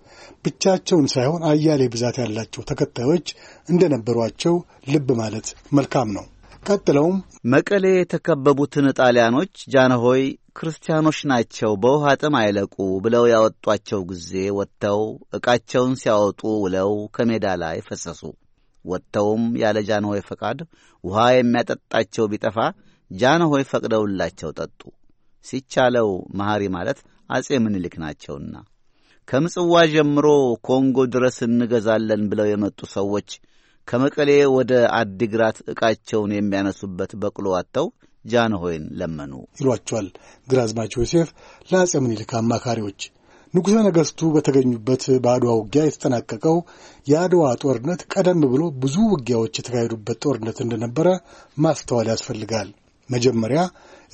ብቻቸውን ሳይሆን አያሌ ብዛት ያላቸው ተከታዮች እንደነበሯቸው ልብ ማለት መልካም ነው። ቀጥለውም መቀሌ የተከበቡትን ጣሊያኖች ጃንሆይ ክርስቲያኖች ናቸው፣ በውሃ ጥም አይለቁ ብለው ያወጧቸው ጊዜ ወጥተው ዕቃቸውን ሲያወጡ ውለው ከሜዳ ላይ ፈሰሱ። ወጥተውም ያለ ጃንሆይ ፈቃድ ውሃ የሚያጠጣቸው ቢጠፋ ጃንሆይ ፈቅደውላቸው ጠጡ። ሲቻለው መሐሪ ማለት አጼ ምኒልክ ናቸውና ከምጽዋ ጀምሮ ኮንጎ ድረስ እንገዛለን ብለው የመጡ ሰዎች ከመቀሌ ወደ አዲግራት ዕቃቸውን የሚያነሱበት በቅሎ አጥተው ጃንሆይን ለመኑ ይሏቸዋል ግራዝማች ዮሴፍ ለአጼ ምኒልክ አማካሪዎች። ንጉሠ ነገሥቱ በተገኙበት በአድዋ ውጊያ የተጠናቀቀው የአድዋ ጦርነት ቀደም ብሎ ብዙ ውጊያዎች የተካሄዱበት ጦርነት እንደነበረ ማስተዋል ያስፈልጋል። መጀመሪያ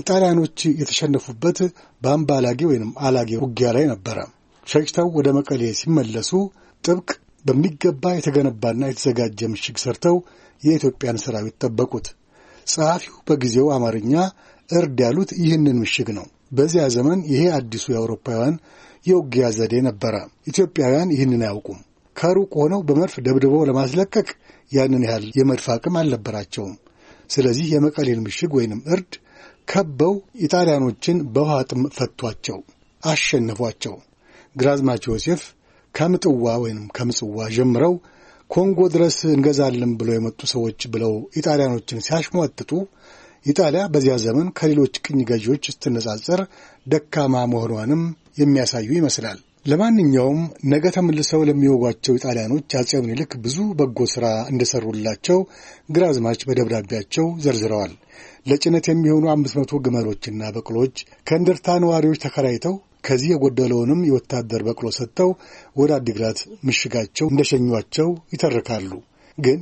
ኢጣሊያኖች የተሸነፉበት በአምባላጌ ወይም አላጌ ውጊያ ላይ ነበረ። ሸሽተው ወደ መቀሌ ሲመለሱ ጥብቅ በሚገባ የተገነባና የተዘጋጀ ምሽግ ሰርተው የኢትዮጵያን ሰራዊት ጠበቁት። ጸሐፊው በጊዜው አማርኛ እርድ ያሉት ይህንን ምሽግ ነው። በዚያ ዘመን ይሄ አዲሱ የአውሮፓውያን የውጊያ ዘዴ ነበረ። ኢትዮጵያውያን ይህንን አያውቁም። ከሩቅ ሆነው በመድፍ ደብድበው ለማስለቀቅ ያንን ያህል የመድፍ አቅም አልነበራቸውም። ስለዚህ የመቀሌን ምሽግ ወይንም እርድ ከበው ኢጣሊያኖችን በውሃ ጥም ፈቷቸው፣ አሸነፏቸው። ግራዝማች ዮሴፍ ከምጥዋ ወይም ከምጽዋ ጀምረው ኮንጎ ድረስ እንገዛለን ብለው የመጡ ሰዎች ብለው ኢጣሊያኖችን ሲያሽሟጥጡ ኢጣሊያ በዚያ ዘመን ከሌሎች ቅኝ ገዢዎች ስትነጻጸር ደካማ መሆኗንም የሚያሳዩ ይመስላል። ለማንኛውም ነገ ተመልሰው ለሚወጓቸው ኢጣሊያኖች አጼ ምኒልክ ብዙ በጎ ሥራ እንደሠሩላቸው ግራዝማች በደብዳቤያቸው ዘርዝረዋል። ለጭነት የሚሆኑ አምስት መቶ ግመሎችና በቅሎች ከእንደርታ ነዋሪዎች ተከራይተው ከዚህ የጎደለውንም የወታደር በቅሎ ሰጥተው ወደ አዲግራት ምሽጋቸው እንደሸኟቸው ይተርካሉ። ግን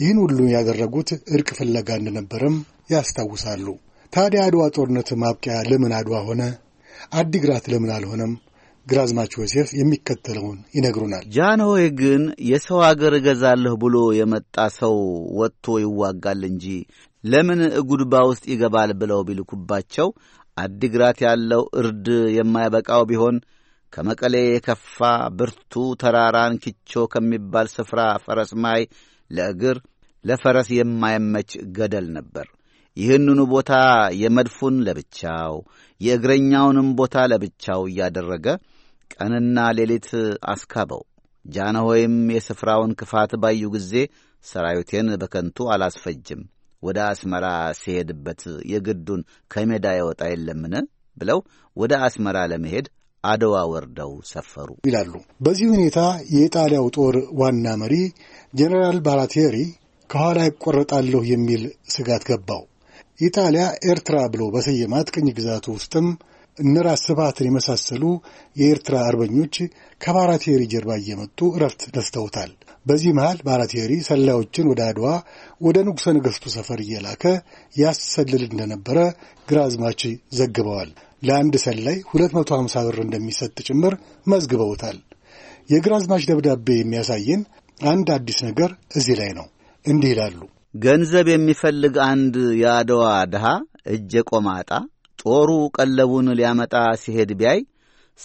ይህን ሁሉ ያደረጉት እርቅ ፍለጋ እንደነበረም ያስታውሳሉ። ታዲያ አድዋ ጦርነት ማብቂያ ለምን አድዋ ሆነ? አዲግራት ለምን አልሆነም? ግራዝማች ዮሴፍ የሚከተለውን ይነግሩናል። ጃንሆይ ግን የሰው አገር እገዛለሁ ብሎ የመጣ ሰው ወጥቶ ይዋጋል እንጂ ለምን እጉድባ ውስጥ ይገባል ብለው ቢልኩባቸው አዲግራት ያለው እርድ የማይበቃው ቢሆን ከመቀሌ የከፋ ብርቱ ተራራን ኪቾ ከሚባል ስፍራ ፈረስ ማይ ለእግር ለፈረስ የማይመች ገደል ነበር። ይህንኑ ቦታ የመድፉን ለብቻው የእግረኛውንም ቦታ ለብቻው እያደረገ ቀንና ሌሊት አስካበው። ጃነሆይም የስፍራውን ክፋት ባዩ ጊዜ ሰራዊቴን በከንቱ አላስፈጅም ወደ አስመራ ሲሄድበት የግዱን ከሜዳ የወጣ የለምን ብለው ወደ አስመራ ለመሄድ አድዋ ወርደው ሰፈሩ ይላሉ። በዚህ ሁኔታ የኢጣሊያው ጦር ዋና መሪ ጄኔራል ባራቴሪ ከኋላ ይቆረጣለሁ የሚል ስጋት ገባው። ኢጣሊያ ኤርትራ ብሎ በሰየማት ቅኝ ግዛቱ ውስጥም እነራስ ስባትን የመሳሰሉ የኤርትራ አርበኞች ከባራቴሪ ጀርባ እየመጡ እረፍት ነስተውታል። በዚህ መሃል ባራቴሪ ሰላዮችን ወደ አድዋ ወደ ንጉሠ ነገሥቱ ሰፈር እየላከ ያሰልል እንደነበረ ግራዝማች ዘግበዋል። ለአንድ ሰላይ 250 ብር እንደሚሰጥ ጭምር መዝግበውታል። የግራዝማች ደብዳቤ የሚያሳየን አንድ አዲስ ነገር እዚህ ላይ ነው። እንዲህ ይላሉ። ገንዘብ የሚፈልግ አንድ የአድዋ ድሃ እጀ ቆማጣ ጦሩ ቀለቡን ሊያመጣ ሲሄድ ቢያይ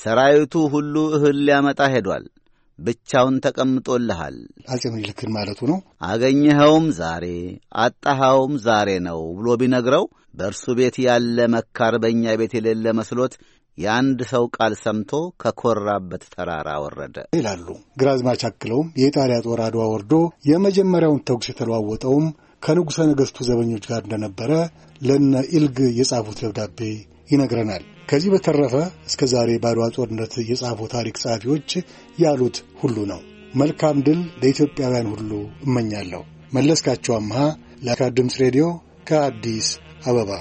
ሰራዊቱ ሁሉ እህል ሊያመጣ ሄዷል፣ ብቻውን ተቀምጦልሃል። አጼ ምኒልክን ማለቱ ነው። አገኘኸውም ዛሬ አጣኸውም ዛሬ ነው ብሎ ቢነግረው በእርሱ ቤት ያለ መካር በእኛ ቤት የሌለ መስሎት የአንድ ሰው ቃል ሰምቶ ከኮራበት ተራራ ወረደ ይላሉ ግራዝማች። አክለውም የኢጣሊያ ጦር አድዋ ወርዶ የመጀመሪያውን ተኩስ የተለዋወጠውም ከንጉሠ ነገሥቱ ዘበኞች ጋር እንደነበረ ለነ ኢልግ የጻፉት ደብዳቤ ይነግረናል። ከዚህ በተረፈ እስከ ዛሬ በአድዋ ጦርነት የጻፉ ታሪክ ጸሐፊዎች ያሉት ሁሉ ነው። መልካም ድል ለኢትዮጵያውያን ሁሉ እመኛለሁ። መለስካቸው አምሃ ለአሜሪካ ድምፅ ሬዲዮ ከአዲስ አበባ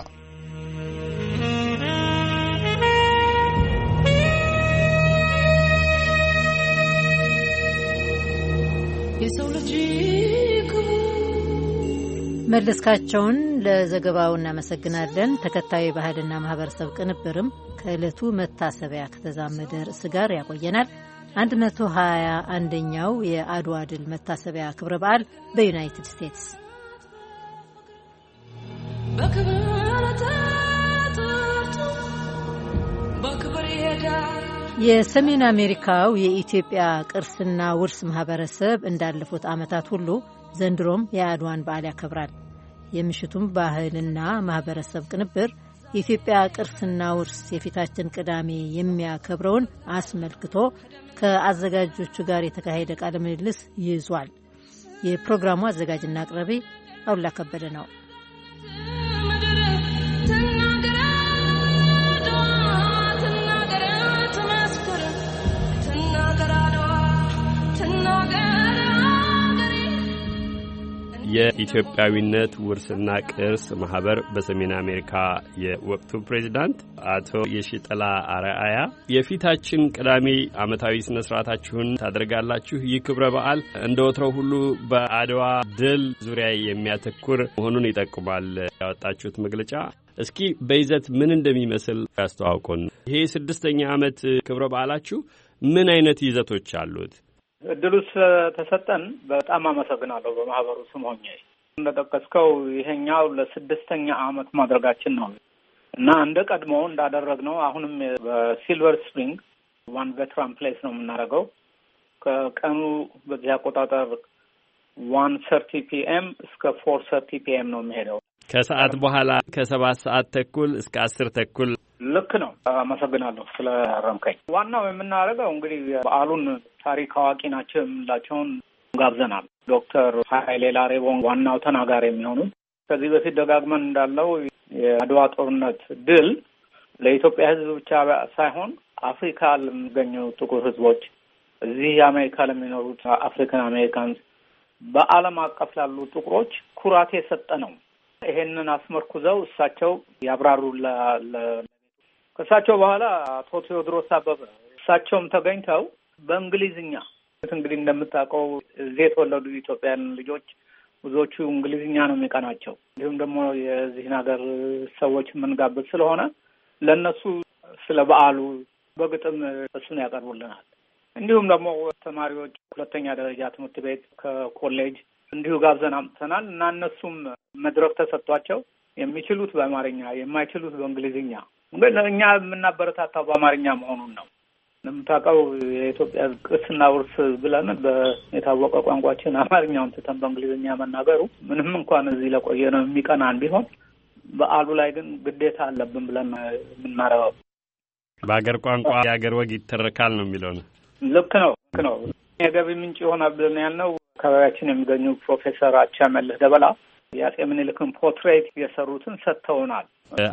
የሰው ልጅ መለስካቸውን ለዘገባው እናመሰግናለን። ተከታዩ የባህልና ማህበረሰብ ቅንብርም ከዕለቱ መታሰቢያ ከተዛመደ ርዕስ ጋር ያቆየናል። 121ኛው የአድዋ ድል መታሰቢያ ክብረ በዓል በዩናይትድ ስቴትስ የሰሜን አሜሪካው የኢትዮጵያ ቅርስና ውርስ ማህበረሰብ እንዳለፉት ዓመታት ሁሉ ዘንድሮም የአድዋን በዓል ያከብራል። የምሽቱም ባህልና ማህበረሰብ ቅንብር የኢትዮጵያ ቅርስና ውርስ የፊታችን ቅዳሜ የሚያከብረውን አስመልክቶ ከአዘጋጆቹ ጋር የተካሄደ ቃለ ምልልስ ይዟል። የፕሮግራሙ አዘጋጅና አቅራቢ አሉላ ከበደ ነው። የኢትዮጵያዊነት ውርስና ቅርስ ማህበር በሰሜን አሜሪካ የወቅቱ ፕሬዚዳንት አቶ የሽጥላ አረአያ የፊታችን ቅዳሜ ዓመታዊ ስነ ስርዓታችሁን ታደርጋላችሁ። ይህ ክብረ በዓል እንደ ወትረው ሁሉ በአድዋ ድል ዙሪያ የሚያተኩር መሆኑን ይጠቁማል ያወጣችሁት መግለጫ። እስኪ በይዘት ምን እንደሚመስል ያስተዋውቁን። ይሄ ስድስተኛ ዓመት ክብረ በዓላችሁ ምን አይነት ይዘቶች አሉት? እድሉ ስለተሰጠን በጣም አመሰግናለሁ። በማህበሩ ስም ሆኜ እንደጠቀስከው ይሄኛው ለስድስተኛ አመት ማድረጋችን ነው እና እንደ ቀድሞ እንዳደረግነው አሁንም በሲልቨር ስፕሪንግ ዋን ቬትራን ፕሌስ ነው የምናደርገው ከቀኑ በዚህ አቆጣጠር ዋን ሰርቲ ፒኤም እስከ ፎር ሰርቲ ፒኤም ነው የሚሄደው ከሰዓት በኋላ ከሰባት ሰዓት ተኩል እስከ አስር ተኩል ልክ ነው። አመሰግናለሁ ስለ ረምከኝ። ዋናው የምናደርገው እንግዲህ በዓሉን ታሪክ አዋቂ ናቸው የምንላቸውን ጋብዘናል። ዶክተር ሀይሌ ላሬቦን ዋናው ተናጋሪ የሚሆኑት ከዚህ በፊት ደጋግመን እንዳለው የአድዋ ጦርነት ድል ለኢትዮጵያ ሕዝብ ብቻ ሳይሆን አፍሪካ ለሚገኙ ጥቁር ሕዝቦች እዚህ የአሜሪካ ለሚኖሩት አፍሪካን አሜሪካንስ በዓለም አቀፍ ላሉ ጥቁሮች ኩራት የሰጠ ነው። ይሄንን አስመርኩዘው እሳቸው ያብራሩ። ከእሳቸው በኋላ አቶ ቴዎድሮስ አበበ እሳቸውም ተገኝተው በእንግሊዝኛ እንግዲህ እንደምታውቀው እዚህ የተወለዱ ኢትዮጵያን ልጆች ብዙዎቹ እንግሊዝኛ ነው የሚቀናቸው። እንዲሁም ደግሞ የዚህን ሀገር ሰዎች የምንጋብዝ ስለሆነ ለእነሱ ስለ በዓሉ በግጥም እሱን ያቀርቡልናል። እንዲሁም ደግሞ ተማሪዎች ሁለተኛ ደረጃ ትምህርት ቤት ከኮሌጅ እንዲሁ ጋብዘን አምጥተናል እና እነሱም መድረክ ተሰጥቷቸው የሚችሉት በአማርኛ የማይችሉት በእንግሊዝኛ እኛ የምናበረታታው በአማርኛ መሆኑን ነው። እንደምታውቀው የኢትዮጵያ ቅስና ቅርስና ውርስ ብለን የታወቀ ቋንቋችን አማርኛውን ትተን በእንግሊዝኛ መናገሩ ምንም እንኳን እዚህ ለቆየ ነው የሚቀናን ቢሆን በዓሉ ላይ ግን ግዴታ አለብን ብለን የምናረበው በሀገር ቋንቋ የሀገር ወግ ይተረካል ነው የሚለው ነው። ልክ ነው፣ ልክ ነው። የገቢ ምንጭ ይሆናል ብለን ያልነው አካባቢያችን የሚገኙ ፕሮፌሰር አቻመልህ ደበላ የአጼ ምኒልክን ፖርትሬት የሰሩትን ሰጥተውናል።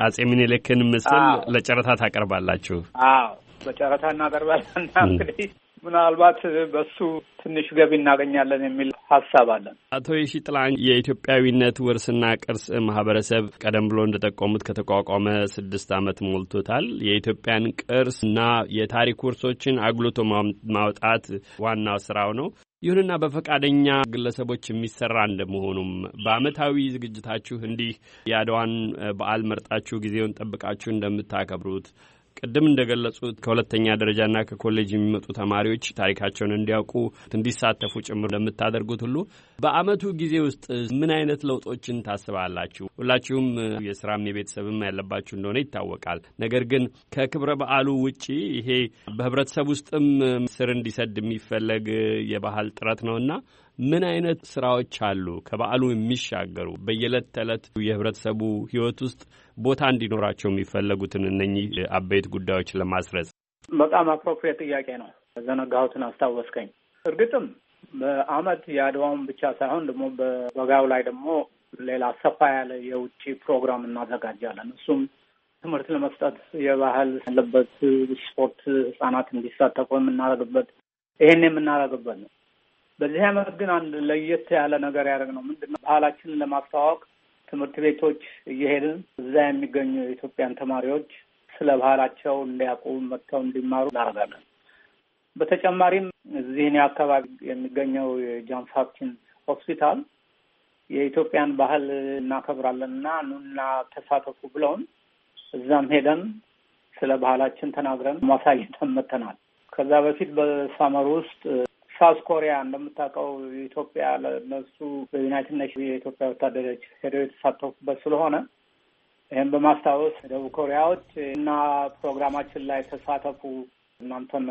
አጼ ምኒልክን ምስል ለጨረታ ታቀርባላችሁ? አዎ በጨረታና እናቀርባለን እና እንግዲህ ምናልባት በሱ ትንሽ ገቢ እናገኛለን የሚል ሀሳብ አለን። አቶ የሺጥላን የኢትዮጵያዊነት ውርስና ቅርስ ማህበረሰብ ቀደም ብሎ እንደጠቆሙት ከተቋቋመ ስድስት ዓመት ሞልቶታል። የኢትዮጵያን ቅርስና የታሪክ ውርሶችን አጉልቶ ማውጣት ዋናው ስራው ነው። ይሁንና በፈቃደኛ ግለሰቦች የሚሰራ እንደመሆኑም በአመታዊ ዝግጅታችሁ እንዲህ የአድዋን በዓል መርጣችሁ ጊዜውን ጠብቃችሁ እንደምታከብሩት ቅድም እንደገለጹት ከሁለተኛ ደረጃና ከኮሌጅ የሚመጡ ተማሪዎች ታሪካቸውን እንዲያውቁ እንዲሳተፉ ጭምር ለምታደርጉት ሁሉ በአመቱ ጊዜ ውስጥ ምን አይነት ለውጦችን ታስባላችሁ? ሁላችሁም የስራም የቤተሰብም ያለባችሁ እንደሆነ ይታወቃል። ነገር ግን ከክብረ በዓሉ ውጪ ይሄ በህብረተሰብ ውስጥም ስር እንዲሰድ የሚፈለግ የባህል ጥረት ነውና ምን አይነት ስራዎች አሉ ከበዓሉ የሚሻገሩ በየዕለት ተዕለት የህብረተሰቡ ህይወት ውስጥ ቦታ እንዲኖራቸው የሚፈለጉትን እነኚህ አበይት ጉዳዮች ለማስረጽ? በጣም አፕሮፕሪየት ጥያቄ ነው። ዘነጋሁትን አስታወስከኝ። እርግጥም በአመት የአድዋውን ብቻ ሳይሆን ደግሞ በበጋው ላይ ደግሞ ሌላ ሰፋ ያለ የውጭ ፕሮግራም እናዘጋጃለን። እሱም ትምህርት ለመስጠት የባህል ያለበት ስፖርት ህጻናት እንዲሳተፉ የምናደርግበት ይሄን የምናደርግበት ነው። በዚህ አመት ግን አንድ ለየት ያለ ነገር ያደረግነው ምንድን ነው? ባህላችንን ለማስተዋወቅ ትምህርት ቤቶች እየሄድን እዛ የሚገኙ የኢትዮጵያን ተማሪዎች ስለ ባህላቸው እንዲያውቁ መጥተው እንዲማሩ እናደርጋለን። በተጨማሪም እዚህን አካባቢ የሚገኘው የጃንፋፕኪን ሆስፒታል የኢትዮጵያን ባህል እናከብራለን እና ኑና ተሳተፉ ብለውን እዛም ሄደን ስለ ባህላችን ተናግረን ማሳየተን መጥተናል። ከዛ በፊት በሳመር ውስጥ ሳውስ ኮሪያ እንደምታውቀው ኢትዮጵያ ለነሱ በዩናይትድ ኔሽን የኢትዮጵያ ወታደሮች ሄደው የተሳተፉበት ስለሆነ ይህም በማስታወስ ደቡብ ኮሪያዎች እና ፕሮግራማችን ላይ ተሳተፉ እናንተን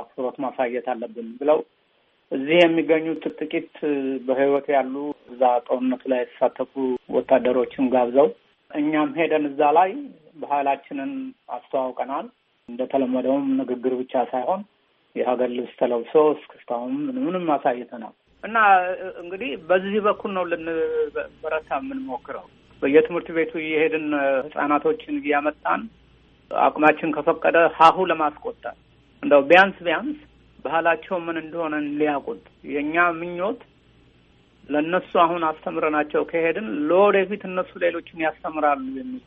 አክብሮት ማሳየት አለብን ብለው እዚህ የሚገኙት ጥቂት በህይወት ያሉ እዛ ጦርነቱ ላይ የተሳተፉ ወታደሮችን ጋብዘው እኛም ሄደን እዛ ላይ ባህላችንን አስተዋውቀናል። እንደተለመደውም ንግግር ብቻ ሳይሆን የሀገር ልብስ ተለብሶ እስክስታሁን ምንም ነው እና እንግዲህ በዚህ በኩል ነው ልንበረታ የምንሞክረው። በየትምህርት ቤቱ እየሄድን ህጻናቶችን እያመጣን አቅማችን ከፈቀደ ሀሁ ለማስቆጠር እንደው ቢያንስ ቢያንስ ባህላቸው ምን እንደሆነ ሊያውቁት የእኛ ምኞት ለእነሱ አሁን አስተምረናቸው ከሄድን ለወደፊት እነሱ ሌሎችን ያስተምራሉ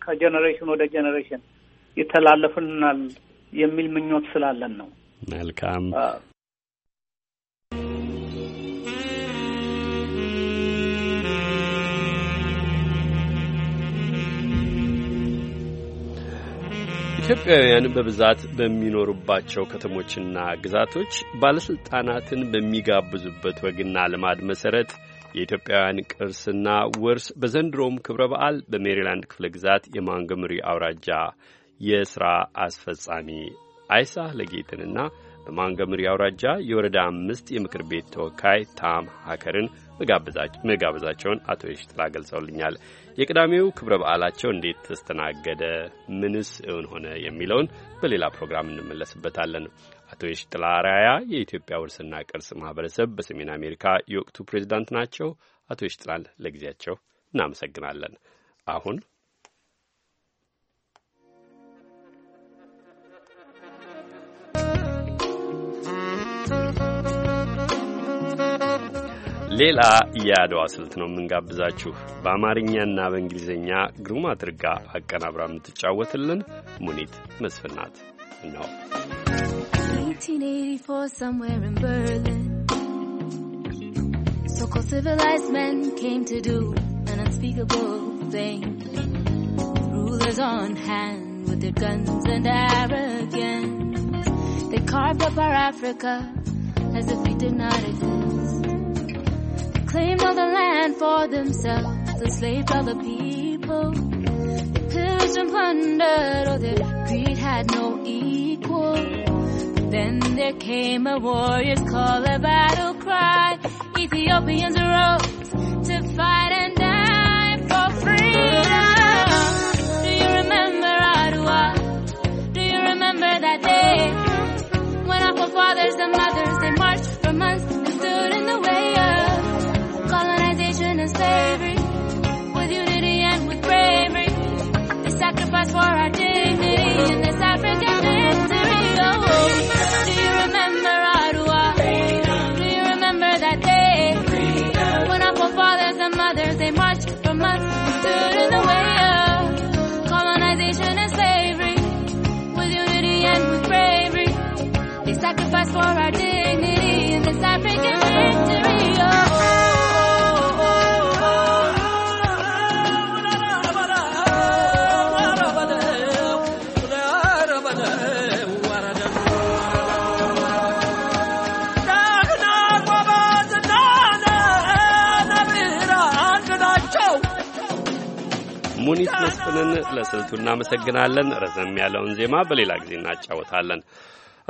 ከጀኔሬሽን ወደ ጀኔሬሽን ይተላለፍልናል የሚል ምኞት ስላለን ነው። መልካም ኢትዮጵያውያን በብዛት በሚኖሩባቸው ከተሞችና ግዛቶች ባለሥልጣናትን በሚጋብዙበት ወግና ልማድ መሠረት የኢትዮጵያውያን ቅርስና ውርስ በዘንድሮም ክብረ በዓል በሜሪላንድ ክፍለ ግዛት የማንገምሪ አውራጃ የሥራ አስፈጻሚ አይሳ ለጌትንና በማንገምሪ አውራጃ የወረዳ አምስት የምክር ቤት ተወካይ ታም ሀከርን መጋበዛቸውን አቶ የሽጥላ ገልጸውልኛል። የቅዳሜው ክብረ በዓላቸው እንዴት ተስተናገደ? ምንስ እውን ሆነ? የሚለውን በሌላ ፕሮግራም እንመለስበታለን። አቶ የሽጥላ ራያ የኢትዮጵያ ውርስና ቅርስ ማህበረሰብ በሰሜን አሜሪካ የወቅቱ ፕሬዚዳንት ናቸው። አቶ የሽጥላን ለጊዜያቸው እናመሰግናለን። አሁን ሌላ የአድዋ ስልት ነው የምንጋብዛችሁ። በአማርኛና በእንግሊዝኛ ግሩም አድርጋ አቀናብራ የምትጫወትልን ሙኒት መስፍን ናት። ነው Rulers on hand with their guns and arrogance. They carved up our Africa as if we did not exist. claim all the land for themselves, enslaved all the people. They pillaged and plundered, oh, their greed had no equal. But then there came a warrior's call, a battle cry. Ethiopians arose to fight. for our dignity in this African victory. Oh, do you remember Do you remember that day when our forefathers and mothers they marched from us stood in the way of colonization and slavery with unity and with bravery? They sacrificed for our dignity in this African victory. ለስልቱ እናመሰግናለን። ረዘም ያለውን ዜማ በሌላ ጊዜ እናጫወታለን።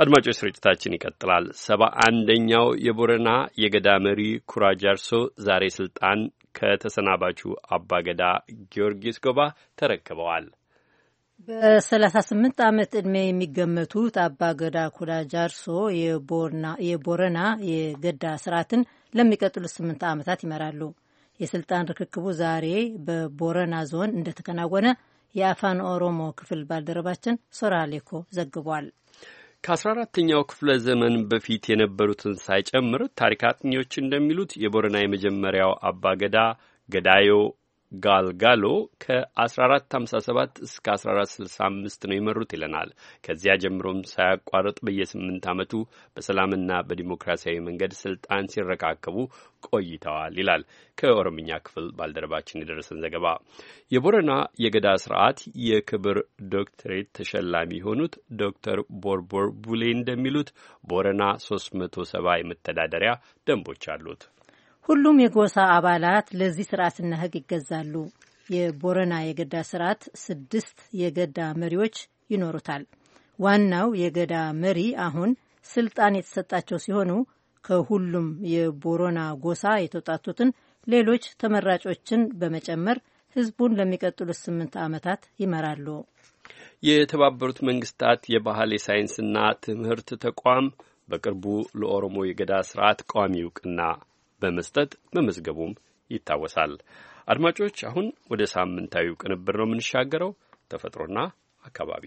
አድማጮች ስርጭታችን ይቀጥላል። ሰባ አንደኛው የቦረና የገዳ መሪ ኩራጃርሶ ዛሬ ስልጣን ከተሰናባቹ አባገዳ ጊዮርጊስ ጎባ ተረክበዋል በሰላሳ ስምንት ዓመት ዕድሜ የሚገመቱት አባገዳ ኩራጃርሶ የቦረና የገዳ ስርዓትን ለሚቀጥሉት ስምንት ዓመታት ይመራሉ። የስልጣን ርክክቡ ዛሬ በቦረና ዞን እንደተከናወነ የአፋን ኦሮሞ ክፍል ባልደረባችን ሶራሌኮ ዘግቧል። ከ14ተኛው ክፍለ ዘመን በፊት የነበሩትን ሳይጨምር ታሪክ አጥኚዎች እንደሚሉት የቦረና የመጀመሪያው አባገዳ ገዳዮ ጋልጋሎ ከ1457 እስከ 1465 ነው የመሩት ይለናል። ከዚያ ጀምሮም ሳያቋርጥ በየስምንት ዓመቱ በሰላምና በዲሞክራሲያዊ መንገድ ስልጣን ሲረካከቡ ቆይተዋል ይላል ከኦሮምኛ ክፍል ባልደረባችን የደረሰን ዘገባ። የቦረና የገዳ ስርዓት የክብር ዶክትሬት ተሸላሚ የሆኑት ዶክተር ቦርቦር ቡሌ እንደሚሉት ቦረና 370 የመተዳደሪያ ደንቦች አሉት። ሁሉም የጎሳ አባላት ለዚህ ስርዓትና ሕግ ይገዛሉ። የቦረና የገዳ ስርዓት ስድስት የገዳ መሪዎች ይኖሩታል። ዋናው የገዳ መሪ አሁን ስልጣን የተሰጣቸው ሲሆኑ ከሁሉም የቦረና ጎሳ የተውጣቱትን ሌሎች ተመራጮችን በመጨመር ህዝቡን ለሚቀጥሉት ስምንት ዓመታት ይመራሉ። የተባበሩት መንግስታት የባህል የሳይንስና ትምህርት ተቋም በቅርቡ ለኦሮሞ የገዳ ስርዓት ቋሚ እውቅና በመስጠት መመዝገቡም ይታወሳል። አድማጮች፣ አሁን ወደ ሳምንታዊው ቅንብር ነው የምንሻገረው። ተፈጥሮና አካባቢ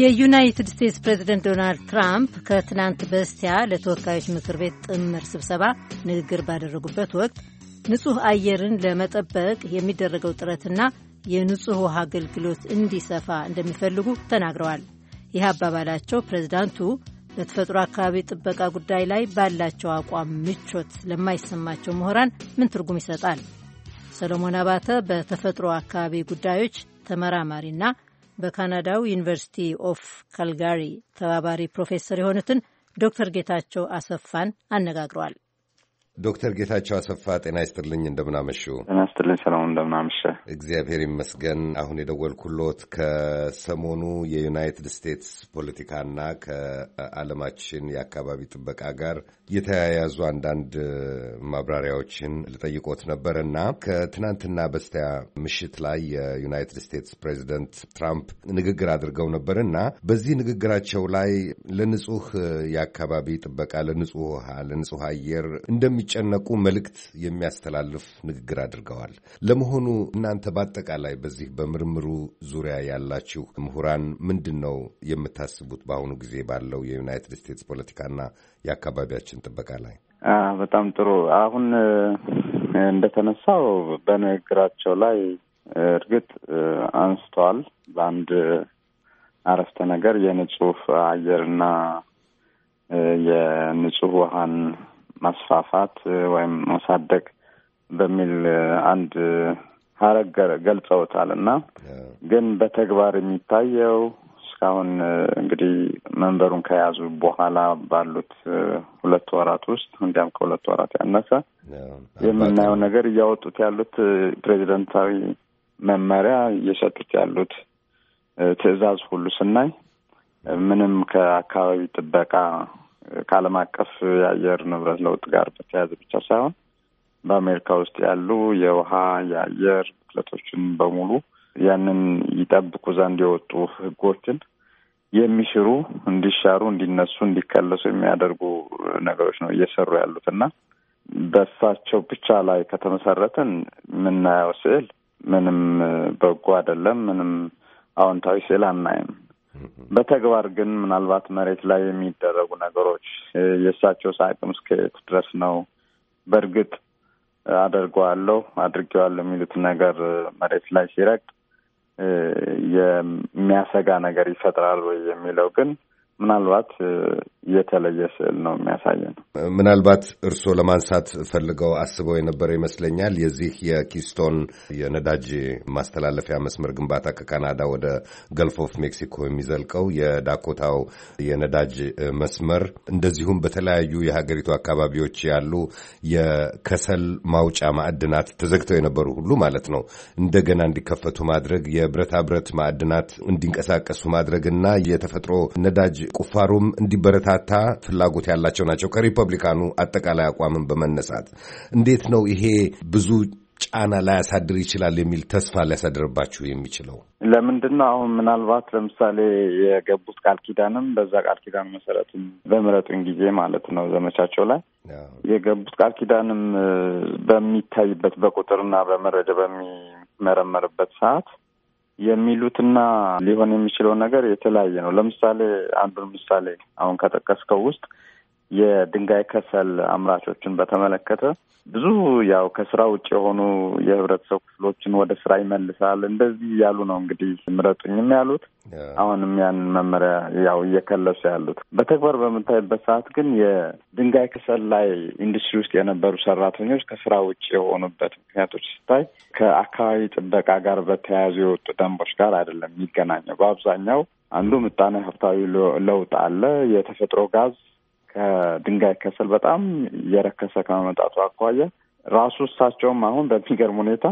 የዩናይትድ ስቴትስ ፕሬዝደንት ዶናልድ ትራምፕ ከትናንት በስቲያ ለተወካዮች ምክር ቤት ጥምር ስብሰባ ንግግር ባደረጉበት ወቅት ንጹህ አየርን ለመጠበቅ የሚደረገው ጥረትና የንጹሕ ውሃ አገልግሎት እንዲሰፋ እንደሚፈልጉ ተናግረዋል። ይህ አባባላቸው ፕሬዚዳንቱ በተፈጥሮ አካባቢ ጥበቃ ጉዳይ ላይ ባላቸው አቋም ምቾት ለማይሰማቸው ምሁራን ምን ትርጉም ይሰጣል? ሰሎሞን አባተ በተፈጥሮ አካባቢ ጉዳዮች ተመራማሪና በካናዳው ዩኒቨርሲቲ ኦፍ ካልጋሪ ተባባሪ ፕሮፌሰር የሆኑትን ዶክተር ጌታቸው አሰፋን አነጋግሯል። ዶክተር ጌታቸው አሰፋ ጤና ይስጥልኝ። እንደምናመሹ። ጤና ይስጥልኝ ሰለሞን፣ እንደምናመሸ። እግዚአብሔር ይመስገን። አሁን የደወልኩሎት ከሰሞኑ የዩናይትድ ስቴትስ ፖለቲካና ከዓለማችን የአካባቢ ጥበቃ ጋር የተያያዙ አንዳንድ ማብራሪያዎችን ልጠይቆት ነበር ከትናንትና በስቲያ ምሽት ላይ የዩናይትድ ስቴትስ ፕሬዚደንት ትራምፕ ንግግር አድርገው ነበር በዚህ ንግግራቸው ላይ ለንጹህ የአካባቢ ጥበቃ፣ ለንጹህ ውሃ፣ ለንጹህ አየር እንደሚ ለሚጨነቁ መልእክት የሚያስተላልፍ ንግግር አድርገዋል። ለመሆኑ እናንተ በአጠቃላይ በዚህ በምርምሩ ዙሪያ ያላችሁ ምሁራን ምንድን ነው የምታስቡት በአሁኑ ጊዜ ባለው የዩናይትድ ስቴትስ ፖለቲካና የአካባቢያችን ጥበቃ ላይ? በጣም ጥሩ። አሁን እንደተነሳው በንግግራቸው ላይ እርግጥ አንስተዋል። በአንድ አረፍተ ነገር የንጹህ አየርና የንጹህ ውሃን ማስፋፋት ወይም ማሳደግ በሚል አንድ ሀረግ ገልጸውታል እና ግን በተግባር የሚታየው እስካሁን እንግዲህ መንበሩን ከያዙ በኋላ ባሉት ሁለት ወራት ውስጥ እንዲያም ከሁለት ወራት ያነሰ የምናየው ነገር እያወጡት ያሉት ፕሬዚደንታዊ መመሪያ እየሰጡት ያሉት ትዕዛዝ ሁሉ ስናይ ምንም ከአካባቢ ጥበቃ ከዓለም አቀፍ የአየር ንብረት ለውጥ ጋር በተያያዘ ብቻ ሳይሆን በአሜሪካ ውስጥ ያሉ የውሃ የአየር ብክለቶችን በሙሉ ያንን ይጠብቁ ዘንድ የወጡ ህጎችን የሚሽሩ እንዲሻሩ፣ እንዲነሱ፣ እንዲከለሱ የሚያደርጉ ነገሮች ነው እየሰሩ ያሉት እና በእሳቸው ብቻ ላይ ከተመሰረትን የምናየው ስዕል ምንም በጎ አይደለም። ምንም አዎንታዊ ስዕል አናይም። በተግባር ግን ምናልባት መሬት ላይ የሚደረጉ ነገሮች የእሳቸው ሳቅም እስከ ድረስ ነው? በእርግጥ አደርገዋለሁ አድርጌዋለሁ የሚሉት ነገር መሬት ላይ ሲረግጥ የሚያሰጋ ነገር ይፈጥራል ወይ የሚለው ግን ምናልባት የተለየ ስዕል ነው የሚያሳየን። ምናልባት እርስዎ ለማንሳት ፈልገው አስበው የነበረ ይመስለኛል። የዚህ የኪስቶን የነዳጅ ማስተላለፊያ መስመር ግንባታ ከካናዳ ወደ ገልፍ ኦፍ ሜክሲኮ የሚዘልቀው የዳኮታው የነዳጅ መስመር፣ እንደዚሁም በተለያዩ የሀገሪቱ አካባቢዎች ያሉ የከሰል ማውጫ ማዕድናት ተዘግተው የነበሩ ሁሉ ማለት ነው እንደገና እንዲከፈቱ ማድረግ፣ የብረታ ብረት ማዕድናት እንዲንቀሳቀሱ ማድረግ እና የተፈጥሮ ነዳጅ ቁፋሩም እንዲበረታታ ፍላጎት ያላቸው ናቸው። ከሪፐብሊካኑ አጠቃላይ አቋምን በመነሳት እንዴት ነው ይሄ ብዙ ጫና ላያሳድር ይችላል የሚል ተስፋ ሊያሳድርባችሁ የሚችለው ለምንድን ነው? አሁን ምናልባት ለምሳሌ የገቡት ቃል ኪዳንም በዛ ቃል ኪዳን መሰረትም በምረጡን ጊዜ ማለት ነው ዘመቻቸው ላይ የገቡት ቃል ኪዳንም በሚታይበት በቁጥርና በመረጃ በሚመረመርበት ሰዓት የሚሉትና ሊሆን የሚችለው ነገር የተለያየ ነው። ለምሳሌ አንዱን ምሳሌ አሁን ከጠቀስከው ውስጥ የድንጋይ ከሰል አምራቾችን በተመለከተ ብዙ ያው ከስራ ውጭ የሆኑ የህብረተሰብ ክፍሎችን ወደ ስራ ይመልሳል። እንደዚህ እያሉ ነው እንግዲህ ምረጡኝም ያሉት አሁንም ያንን መመሪያ ያው እየከለሱ ያሉት። በተግባር በምታይበት ሰዓት ግን የድንጋይ ከሰል ላይ ኢንዱስትሪ ውስጥ የነበሩ ሰራተኞች ከስራ ውጭ የሆኑበት ምክንያቶች ሲታይ ከአካባቢ ጥበቃ ጋር በተያያዙ የወጡ ደንቦች ጋር አይደለም የሚገናኘው። በአብዛኛው አንዱ ምጣኔ ሀብታዊ ለውጥ አለ የተፈጥሮ ጋዝ ከድንጋይ ከሰል በጣም እየረከሰ ከመመጣቱ አኳያ ራሱ እሳቸውም አሁን በሚገርም ሁኔታ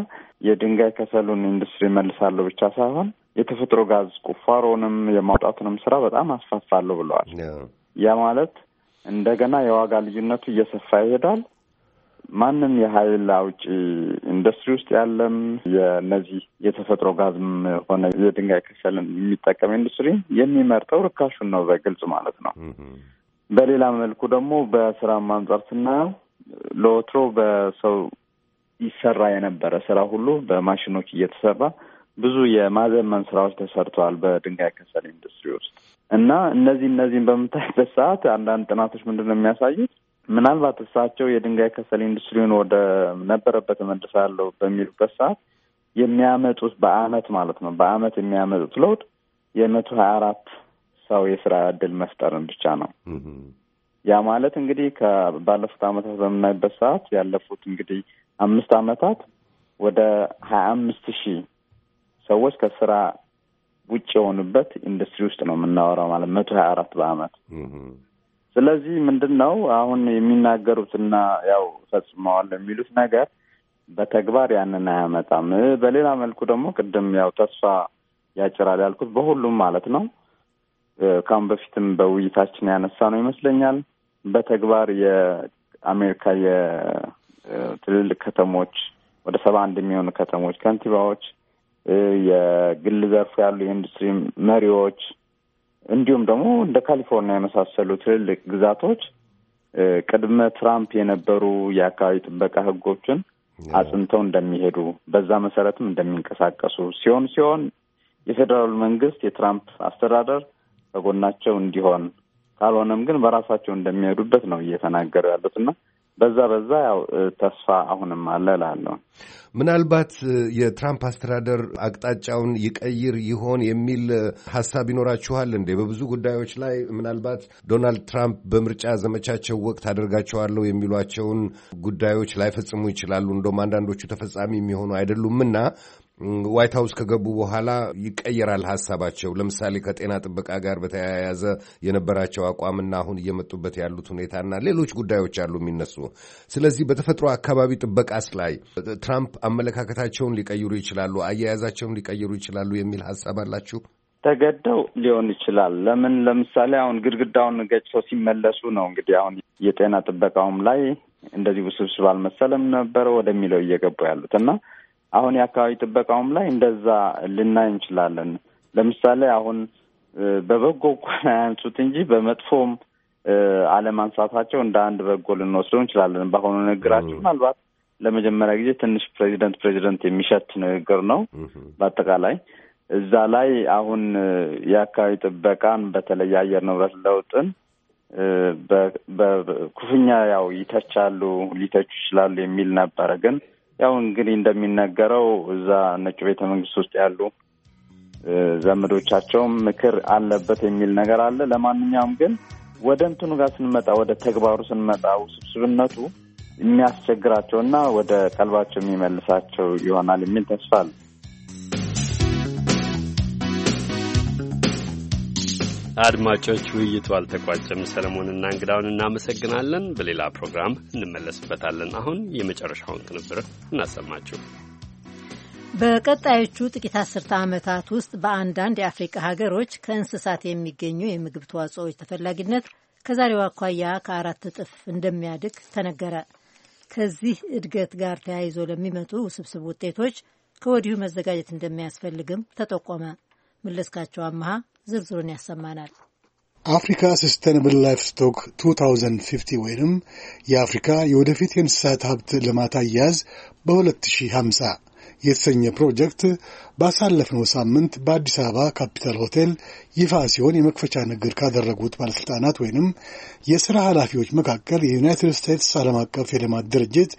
የድንጋይ ከሰሉን ኢንዱስትሪ መልሳለሁ ብቻ ሳይሆን የተፈጥሮ ጋዝ ቁፋሮንም የማውጣቱንም ስራ በጣም አስፋፋለሁ ብለዋል። ያ ማለት እንደገና የዋጋ ልዩነቱ እየሰፋ ይሄዳል። ማንም የሀይል አውጪ ኢንዱስትሪ ውስጥ ያለም የነዚህ የተፈጥሮ ጋዝም ሆነ የድንጋይ ከሰልን የሚጠቀም ኢንዱስትሪ የሚመርጠው ርካሹን ነው፣ በግልጽ ማለት ነው። በሌላ መልኩ ደግሞ በስራ አንጻር ስናየው ለወትሮ በሰው ይሰራ የነበረ ስራ ሁሉ በማሽኖች እየተሰራ ብዙ የማዘመን ስራዎች ተሰርተዋል በድንጋይ ከሰል ኢንዱስትሪ ውስጥ እና እነዚህ እነዚህን በምታይበት ሰዓት አንዳንድ ጥናቶች ምንድን ነው የሚያሳዩት? ምናልባት እሳቸው የድንጋይ ከሰል ኢንዱስትሪውን ወደ ነበረበት እመልሳለሁ በሚሉበት ሰዓት የሚያመጡት በአመት ማለት ነው በአመት የሚያመጡት ለውጥ የመቶ ሀያ አራት ሰው የስራ እድል መፍጠርን ብቻ ነው። ያ ማለት እንግዲህ ከባለፉት አመታት በምናይበት ሰዓት ያለፉት እንግዲህ አምስት አመታት ወደ ሀያ አምስት ሺህ ሰዎች ከስራ ውጭ የሆኑበት ኢንዱስትሪ ውስጥ ነው የምናወራው ማለት መቶ ሀያ አራት በአመት ስለዚህ ምንድን ነው አሁን የሚናገሩትና ያው ፈጽመዋል የሚሉት ነገር በተግባር ያንን አያመጣም። በሌላ መልኩ ደግሞ ቅድም ያው ተስፋ ያጭራል ያልኩት በሁሉም ማለት ነው ከአሁን በፊትም በውይይታችን ያነሳ ነው ይመስለኛል። በተግባር የአሜሪካ የትልልቅ ከተሞች ወደ ሰባ አንድ የሚሆኑ ከተሞች ከንቲባዎች፣ የግል ዘርፍ ያሉ የኢንዱስትሪ መሪዎች እንዲሁም ደግሞ እንደ ካሊፎርኒያ የመሳሰሉ ትልልቅ ግዛቶች ቅድመ ትራምፕ የነበሩ የአካባቢ ጥበቃ ሕጎችን አጽንተው እንደሚሄዱ በዛ መሰረትም እንደሚንቀሳቀሱ ሲሆን ሲሆን የፌዴራሉ መንግስት የትራምፕ አስተዳደር በጎናቸው እንዲሆን ካልሆነም ግን በራሳቸው እንደሚሄዱበት ነው እየተናገሩ ያሉት እና በዛ በዛ ያው ተስፋ አሁንም አለ እላለሁ። ምናልባት የትራምፕ አስተዳደር አቅጣጫውን ይቀይር ይሆን የሚል ሀሳብ ይኖራችኋል እንዴ? በብዙ ጉዳዮች ላይ ምናልባት ዶናልድ ትራምፕ በምርጫ ዘመቻቸው ወቅት አደርጋቸዋለሁ የሚሏቸውን ጉዳዮች ላይፈጽሙ ይችላሉ። እንደውም አንዳንዶቹ ተፈጻሚ የሚሆኑ አይደሉም እና ዋይት ሀውስ ከገቡ በኋላ ይቀየራል ሀሳባቸው። ለምሳሌ ከጤና ጥበቃ ጋር በተያያዘ የነበራቸው አቋምና አሁን እየመጡበት ያሉት ሁኔታና ሌሎች ጉዳዮች አሉ የሚነሱ። ስለዚህ በተፈጥሮ አካባቢ ጥበቃስ ላይ ትራምፕ አመለካከታቸውን ሊቀይሩ ይችላሉ፣ አያያዛቸውን ሊቀይሩ ይችላሉ የሚል ሀሳብ አላችሁ? ተገደው ሊሆን ይችላል። ለምን ለምሳሌ አሁን ግድግዳውን ገጭተው ሲመለሱ ነው እንግዲህ አሁን የጤና ጥበቃውም ላይ እንደዚህ ውስብስብ አልመሰለም ነበረ ወደሚለው እየገቡ ያሉት እና አሁን የአካባቢ ጥበቃውም ላይ እንደዛ ልናይ እንችላለን። ለምሳሌ አሁን በበጎ እንኳን አያንሱት እንጂ በመጥፎም አለማንሳታቸው እንደ አንድ በጎ ልንወስደው እንችላለን። በአሁኑ ንግግራቸው ምናልባት ለመጀመሪያ ጊዜ ትንሽ ፕሬዚደንት ፕሬዚደንት የሚሸት ንግግር ነው። በአጠቃላይ እዛ ላይ አሁን የአካባቢ ጥበቃን በተለይ የአየር ንብረት ለውጥን በክፉኛ ያው ይተቻሉ ሊተቹ ይችላሉ የሚል ነበረ። ግን ያው እንግዲህ እንደሚነገረው እዛ ነጩ ቤተ መንግስት ውስጥ ያሉ ዘመዶቻቸውም ምክር አለበት የሚል ነገር አለ። ለማንኛውም ግን ወደ እንትኑ ጋር ስንመጣ፣ ወደ ተግባሩ ስንመጣ ውስብስብነቱ የሚያስቸግራቸው እና ወደ ቀልባቸው የሚመልሳቸው ይሆናል የሚል ተስፋ አለ። አድማጮች፣ ውይይቱ አልተቋጨም። ሰለሞንና እንግዳውን እናመሰግናለን። በሌላ ፕሮግራም እንመለስበታለን። አሁን የመጨረሻውን ቅንብር እናሰማችሁ። በቀጣዮቹ ጥቂት አስርተ ዓመታት ውስጥ በአንዳንድ የአፍሪካ ሀገሮች ከእንስሳት የሚገኙ የምግብ ተዋጽኦዎች ተፈላጊነት ከዛሬው አኳያ ከአራት እጥፍ እንደሚያድግ ተነገረ። ከዚህ እድገት ጋር ተያይዞ ለሚመጡ ውስብስብ ውጤቶች ከወዲሁ መዘጋጀት እንደሚያስፈልግም ተጠቆመ። መለስካቸው አመሃ ዝርዝሩን ያሰማናል። አፍሪካ ሰስተነብል ላይፍ ስቶክ 2050 ወይንም የአፍሪካ የወደፊት የእንስሳት ሀብት ልማት አያያዝ በ2050 የተሰኘ ፕሮጀክት ባሳለፍነው ሳምንት በአዲስ አበባ ካፒታል ሆቴል ይፋ ሲሆን የመክፈቻ ንግግር ካደረጉት ባለስልጣናት ወይንም የስራ ኃላፊዎች መካከል የዩናይትድ ስቴትስ ዓለም አቀፍ የልማት ድርጅት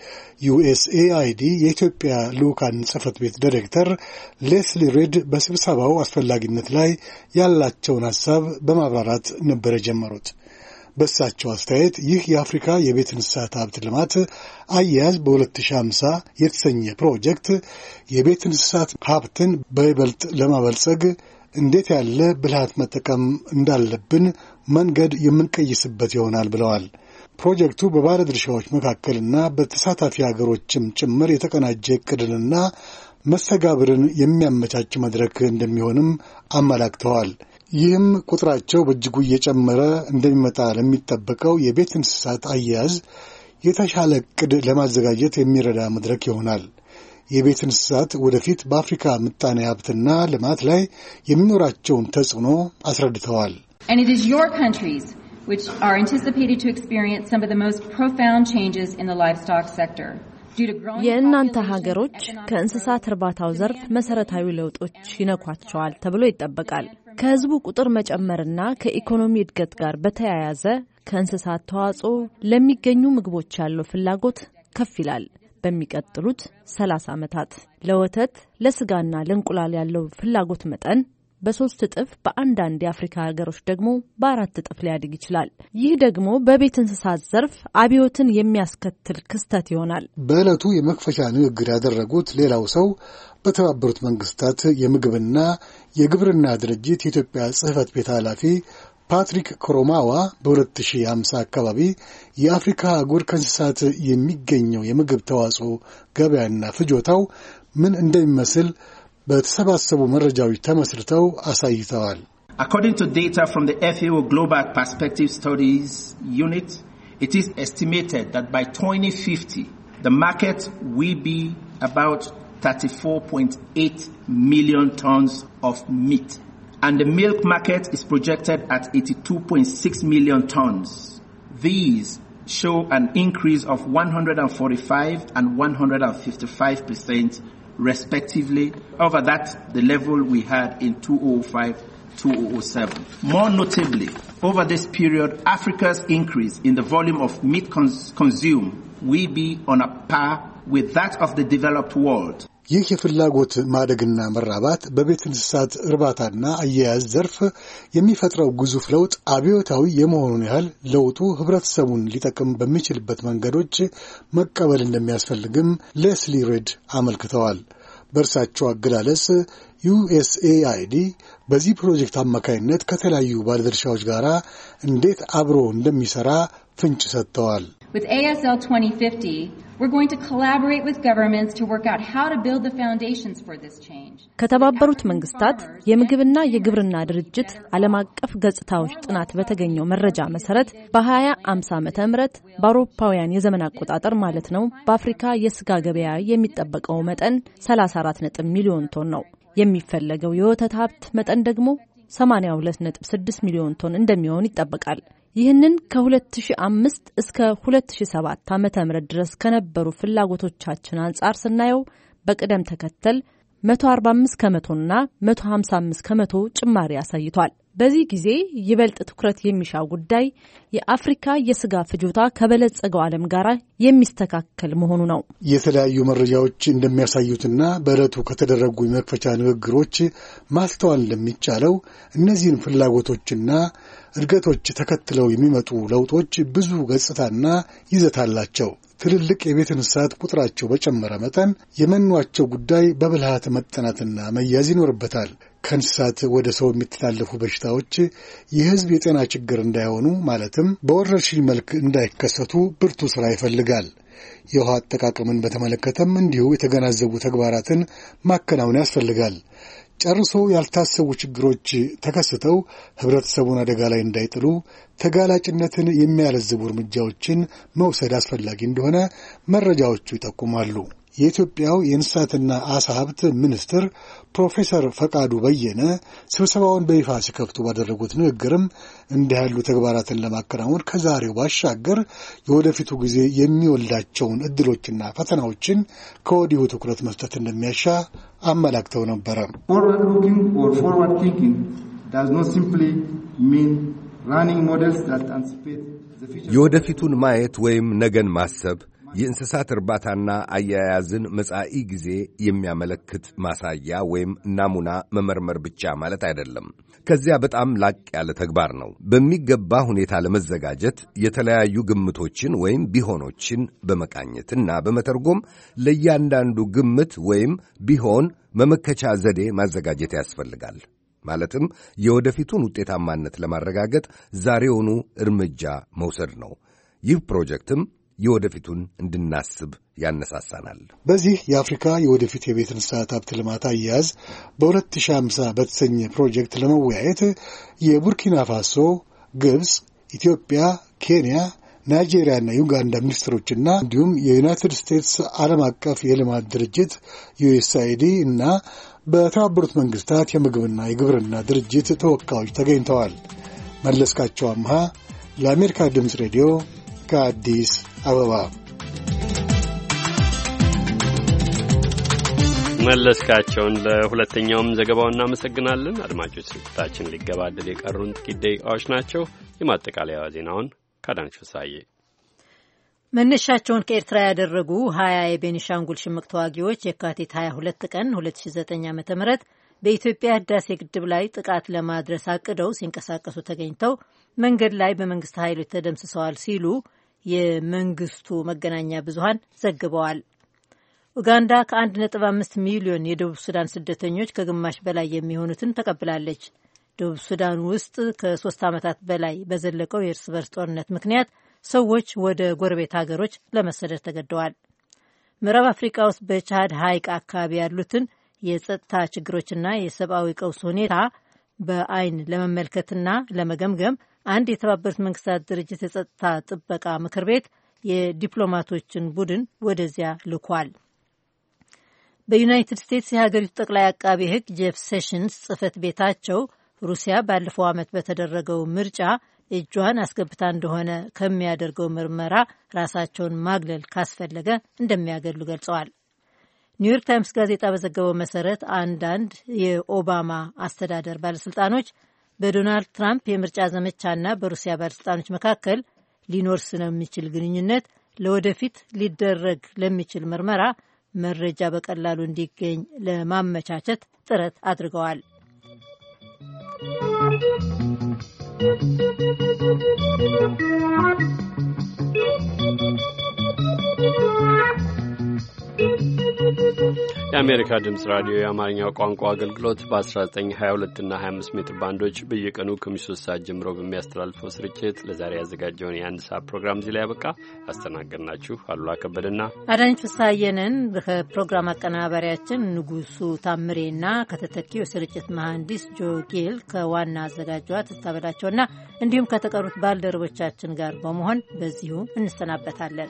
ዩኤስኤአይዲ የኢትዮጵያ ልዑካን ጽፈት ቤት ዲሬክተር ሌስሊ ሬድ በስብሰባው አስፈላጊነት ላይ ያላቸውን ሀሳብ በማብራራት ነበር የጀመሩት። በእሳቸው አስተያየት ይህ የአፍሪካ የቤት እንስሳት ሀብት ልማት አያያዝ በ2050 የተሰኘ ፕሮጀክት የቤት እንስሳት ሀብትን በይበልጥ ለማበልጸግ እንዴት ያለ ብልሃት መጠቀም እንዳለብን መንገድ የምንቀይስበት ይሆናል ብለዋል። ፕሮጀክቱ በባለ ድርሻዎች መካከልና በተሳታፊ ሀገሮችም ጭምር የተቀናጀ እቅድንና መስተጋብርን የሚያመቻች መድረክ እንደሚሆንም አመላክተዋል። ይህም ቁጥራቸው በእጅጉ እየጨመረ እንደሚመጣ ለሚጠበቀው የቤት እንስሳት አያያዝ የተሻለ እቅድ ለማዘጋጀት የሚረዳ መድረክ ይሆናል። የቤት እንስሳት ወደፊት በአፍሪካ ምጣኔ ሀብትና ልማት ላይ የሚኖራቸውን ተጽዕኖ አስረድተዋል። የእናንተ ሀገሮች ከእንስሳት እርባታው ዘርፍ መሰረታዊ ለውጦች ይነኳቸዋል ተብሎ ይጠበቃል። ከህዝቡ ቁጥር መጨመርና ከኢኮኖሚ እድገት ጋር በተያያዘ ከእንስሳት ተዋጽኦ ለሚገኙ ምግቦች ያለው ፍላጎት ከፍ ይላል። በሚቀጥሉት 30 ዓመታት ለወተት ለስጋና ለእንቁላል ያለው ፍላጎት መጠን በሶስት እጥፍ በአንዳንድ የአፍሪካ ሀገሮች ደግሞ በአራት እጥፍ ሊያድግ ይችላል። ይህ ደግሞ በቤት እንስሳት ዘርፍ አብዮትን የሚያስከትል ክስተት ይሆናል። በዕለቱ የመክፈቻ ንግግር ያደረጉት ሌላው ሰው በተባበሩት መንግስታት የምግብና የግብርና ድርጅት የኢትዮጵያ ጽህፈት ቤት ኃላፊ ፓትሪክ ኮሮማዋ በ2050 አካባቢ የአፍሪካ አህጉር ከእንስሳት የሚገኘው የምግብ ተዋጽኦ ገበያና ፍጆታው ምን እንደሚመስል በተሰባሰቡ መረጃዎች ተመስርተው አሳይተዋል። According to data from the FAO Global Perspective Studies Unit, it is estimated that by 2050, the market will be about 34.8 million tons of meat. And the milk market is projected at 82.6 million tons. These show an increase of 145 and 155 percent respectively, over that the level we had in 2005 2007. More notably, over this period, Africa's increase in the volume of meat cons- consumed will be on a par with that of the developed world. ይህ የፍላጎት ማደግና መራባት በቤት እንስሳት እርባታና አያያዝ ዘርፍ የሚፈጥረው ግዙፍ ለውጥ አብዮታዊ የመሆኑን ያህል ለውጡ ህብረተሰቡን ሊጠቅም በሚችልበት መንገዶች መቀበል እንደሚያስፈልግም ሌስሊ ሬድ አመልክተዋል። በእርሳቸው አገላለጽ ዩኤስኤአይዲ በዚህ ፕሮጀክት አማካይነት ከተለያዩ ባለድርሻዎች ጋር እንዴት አብሮ እንደሚሰራ ፍንጭ ሰጥተዋል። With ASL 2050, we're going to collaborate with governments to work out how to build the foundations for this change. ከተባበሩት መንግስታት የምግብና የግብርና ድርጅት ዓለም አቀፍ ገጽታዎች ጥናት በተገኘው መረጃ መሰረት በ2050 ዓመተ ምህረት በአውሮፓውያን የዘመን አቆጣጠር ማለት ነው በአፍሪካ የስጋ ገበያ የሚጠበቀው መጠን 34 ሚሊዮን ቶን ነው። የሚፈለገው የወተት ሀብት መጠን ደግሞ 82.6 ሚሊዮን ቶን እንደሚሆን ይጠበቃል። ይህንን ከ2005 እስከ 2007 ም ድረስ ከነበሩ ፍላጎቶቻችን አንጻር ስናየው በቅደም ተከተል 145 ከመቶና 155 ከመቶ ጭማሪ አሳይቷል። በዚህ ጊዜ ይበልጥ ትኩረት የሚሻው ጉዳይ የአፍሪካ የስጋ ፍጆታ ከበለጸገው ዓለም ጋር የሚስተካከል መሆኑ ነው። የተለያዩ መረጃዎች እንደሚያሳዩትና በዕለቱ ከተደረጉ የመክፈቻ ንግግሮች ማስተዋል እንደሚቻለው እነዚህን ፍላጎቶችና እድገቶች ተከትለው የሚመጡ ለውጦች ብዙ ገጽታና ይዘት አላቸው። ትልልቅ የቤት እንስሳት ቁጥራቸው በጨመረ መጠን የመኗቸው ጉዳይ በብልሃት መጠናትና መያዝ ይኖርበታል። ከእንስሳት ወደ ሰው የሚተላለፉ በሽታዎች የሕዝብ የጤና ችግር እንዳይሆኑ ማለትም በወረርሽኝ መልክ እንዳይከሰቱ ብርቱ ሥራ ይፈልጋል። የውሃ አጠቃቀምን በተመለከተም እንዲሁ የተገናዘቡ ተግባራትን ማከናወን ያስፈልጋል። ጨርሶ ያልታሰቡ ችግሮች ተከስተው ህብረተሰቡን አደጋ ላይ እንዳይጥሉ ተጋላጭነትን የሚያለዝቡ እርምጃዎችን መውሰድ አስፈላጊ እንደሆነ መረጃዎቹ ይጠቁማሉ። የኢትዮጵያው የእንስሳትና አሳ ሀብት ሚኒስትር ፕሮፌሰር ፈቃዱ በየነ ስብሰባውን በይፋ ሲከፍቱ ባደረጉት ንግግርም እንዲህ ያሉ ተግባራትን ለማከናወን ከዛሬው ባሻገር የወደፊቱ ጊዜ የሚወልዳቸውን እድሎችና ፈተናዎችን ከወዲሁ ትኩረት መስጠት እንደሚያሻ አመላክተው ነበረ። የወደፊቱን ማየት ወይም ነገን ማሰብ የእንስሳት እርባታና አያያዝን መጻኢ ጊዜ የሚያመለክት ማሳያ ወይም ናሙና መመርመር ብቻ ማለት አይደለም። ከዚያ በጣም ላቅ ያለ ተግባር ነው። በሚገባ ሁኔታ ለመዘጋጀት የተለያዩ ግምቶችን ወይም ቢሆኖችን በመቃኘትና በመተርጎም ለእያንዳንዱ ግምት ወይም ቢሆን መመከቻ ዘዴ ማዘጋጀት ያስፈልጋል። ማለትም የወደፊቱን ውጤታማነት ለማረጋገጥ ዛሬውኑ እርምጃ መውሰድ ነው። ይህ ፕሮጀክትም የወደፊቱን እንድናስብ ያነሳሳናል። በዚህ የአፍሪካ የወደፊት የቤት እንስሳት ሀብት ልማት አያያዝ በ2050 በተሰኘ ፕሮጀክት ለመወያየት የቡርኪና ፋሶ፣ ግብፅ፣ ኢትዮጵያ፣ ኬንያ ናይጄሪያና ዩጋንዳ ሚኒስትሮችና እንዲሁም የዩናይትድ ስቴትስ ዓለም አቀፍ የልማት ድርጅት ዩኤስአይዲ እና በተባበሩት መንግስታት የምግብና የግብርና ድርጅት ተወካዮች ተገኝተዋል። መለስካቸው አምሃ ለአሜሪካ ድምፅ ሬዲዮ ከአዲስ አበባ መለስካቸውን ለሁለተኛውም ዘገባው እናመሰግናለን። አድማጮች ስርጭታችን ሊገባደድ የቀሩን ጥቂት ደቂቃዎች ናቸው። የማጠቃለያ ዜናውን ከአዳነች ፍሳዬ። መነሻቸውን ከኤርትራ ያደረጉ ሀያ የቤኒሻንጉል ሽምቅ ተዋጊዎች የካቲት 22 ቀን 2009 ዓ ም በኢትዮጵያ ህዳሴ ግድብ ላይ ጥቃት ለማድረስ አቅደው ሲንቀሳቀሱ ተገኝተው መንገድ ላይ በመንግስት ኃይሎች ተደምስሰዋል ሲሉ የመንግስቱ መገናኛ ብዙሀን ዘግበዋል። ኡጋንዳ ከ1.5 ሚሊዮን የደቡብ ሱዳን ስደተኞች ከግማሽ በላይ የሚሆኑትን ተቀብላለች። ደቡብ ሱዳን ውስጥ ከሶስት ዓመታት በላይ በዘለቀው የእርስ በርስ ጦርነት ምክንያት ሰዎች ወደ ጎረቤት ሀገሮች ለመሰደድ ተገደዋል። ምዕራብ አፍሪካ ውስጥ በቻድ ሐይቅ አካባቢ ያሉትን የጸጥታ ችግሮችና የሰብአዊ ቀውስ ሁኔታ በአይን ለመመልከትና ለመገምገም አንድ የተባበሩት መንግስታት ድርጅት የጸጥታ ጥበቃ ምክር ቤት የዲፕሎማቶችን ቡድን ወደዚያ ልኳል። በዩናይትድ ስቴትስ የሀገሪቱ ጠቅላይ አቃቤ ሕግ ጄፍ ሴሽንስ ጽህፈት ቤታቸው ሩሲያ ባለፈው ዓመት በተደረገው ምርጫ እጇን አስገብታ እንደሆነ ከሚያደርገው ምርመራ ራሳቸውን ማግለል ካስፈለገ እንደሚያገሉ ገልጸዋል። ኒውዮርክ ታይምስ ጋዜጣ በዘገበው መሰረት አንዳንድ የኦባማ አስተዳደር ባለስልጣኖች በዶናልድ ትራምፕ የምርጫ ዘመቻና በሩሲያ ባለሥልጣኖች መካከል ሊኖር ስለሚችል ግንኙነት፣ ለወደፊት ሊደረግ ለሚችል ምርመራ መረጃ በቀላሉ እንዲገኝ ለማመቻቸት ጥረት አድርገዋል። Thank you. የአሜሪካ ድምፅ ራዲዮ የአማርኛው ቋንቋ አገልግሎት በ1922 እና 25 ሜትር ባንዶች በየቀኑ ከምሽቱ ሶስት ሰዓት ጀምሮ በሚያስተላልፈው ስርጭት ለዛሬ ያዘጋጀውን የአንድ ሰዓት ፕሮግራም እዚህ ላይ ያበቃ። ያስተናገድናችሁ አሉላ ከበደና አዳኝ ፍሳየንን ከፕሮግራም አቀናባሪያችን ንጉሱ ታምሬና ከተተኪው የስርጭት መሐንዲስ ጆጌል ከዋና አዘጋጇ ትታበላቸውና እንዲሁም ከተቀሩት ባልደረቦቻችን ጋር በመሆን በዚሁ እንሰናበታለን።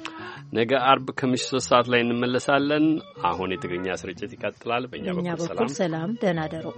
ነገ አርብ ከምሽቱ ሶስት ሰዓት ላይ እንመለሳለን። አሁን የትግርኛ ስርጭት ይቀጥላል። በእኛ በኩል ሰላም፣ ደህና ደሩ።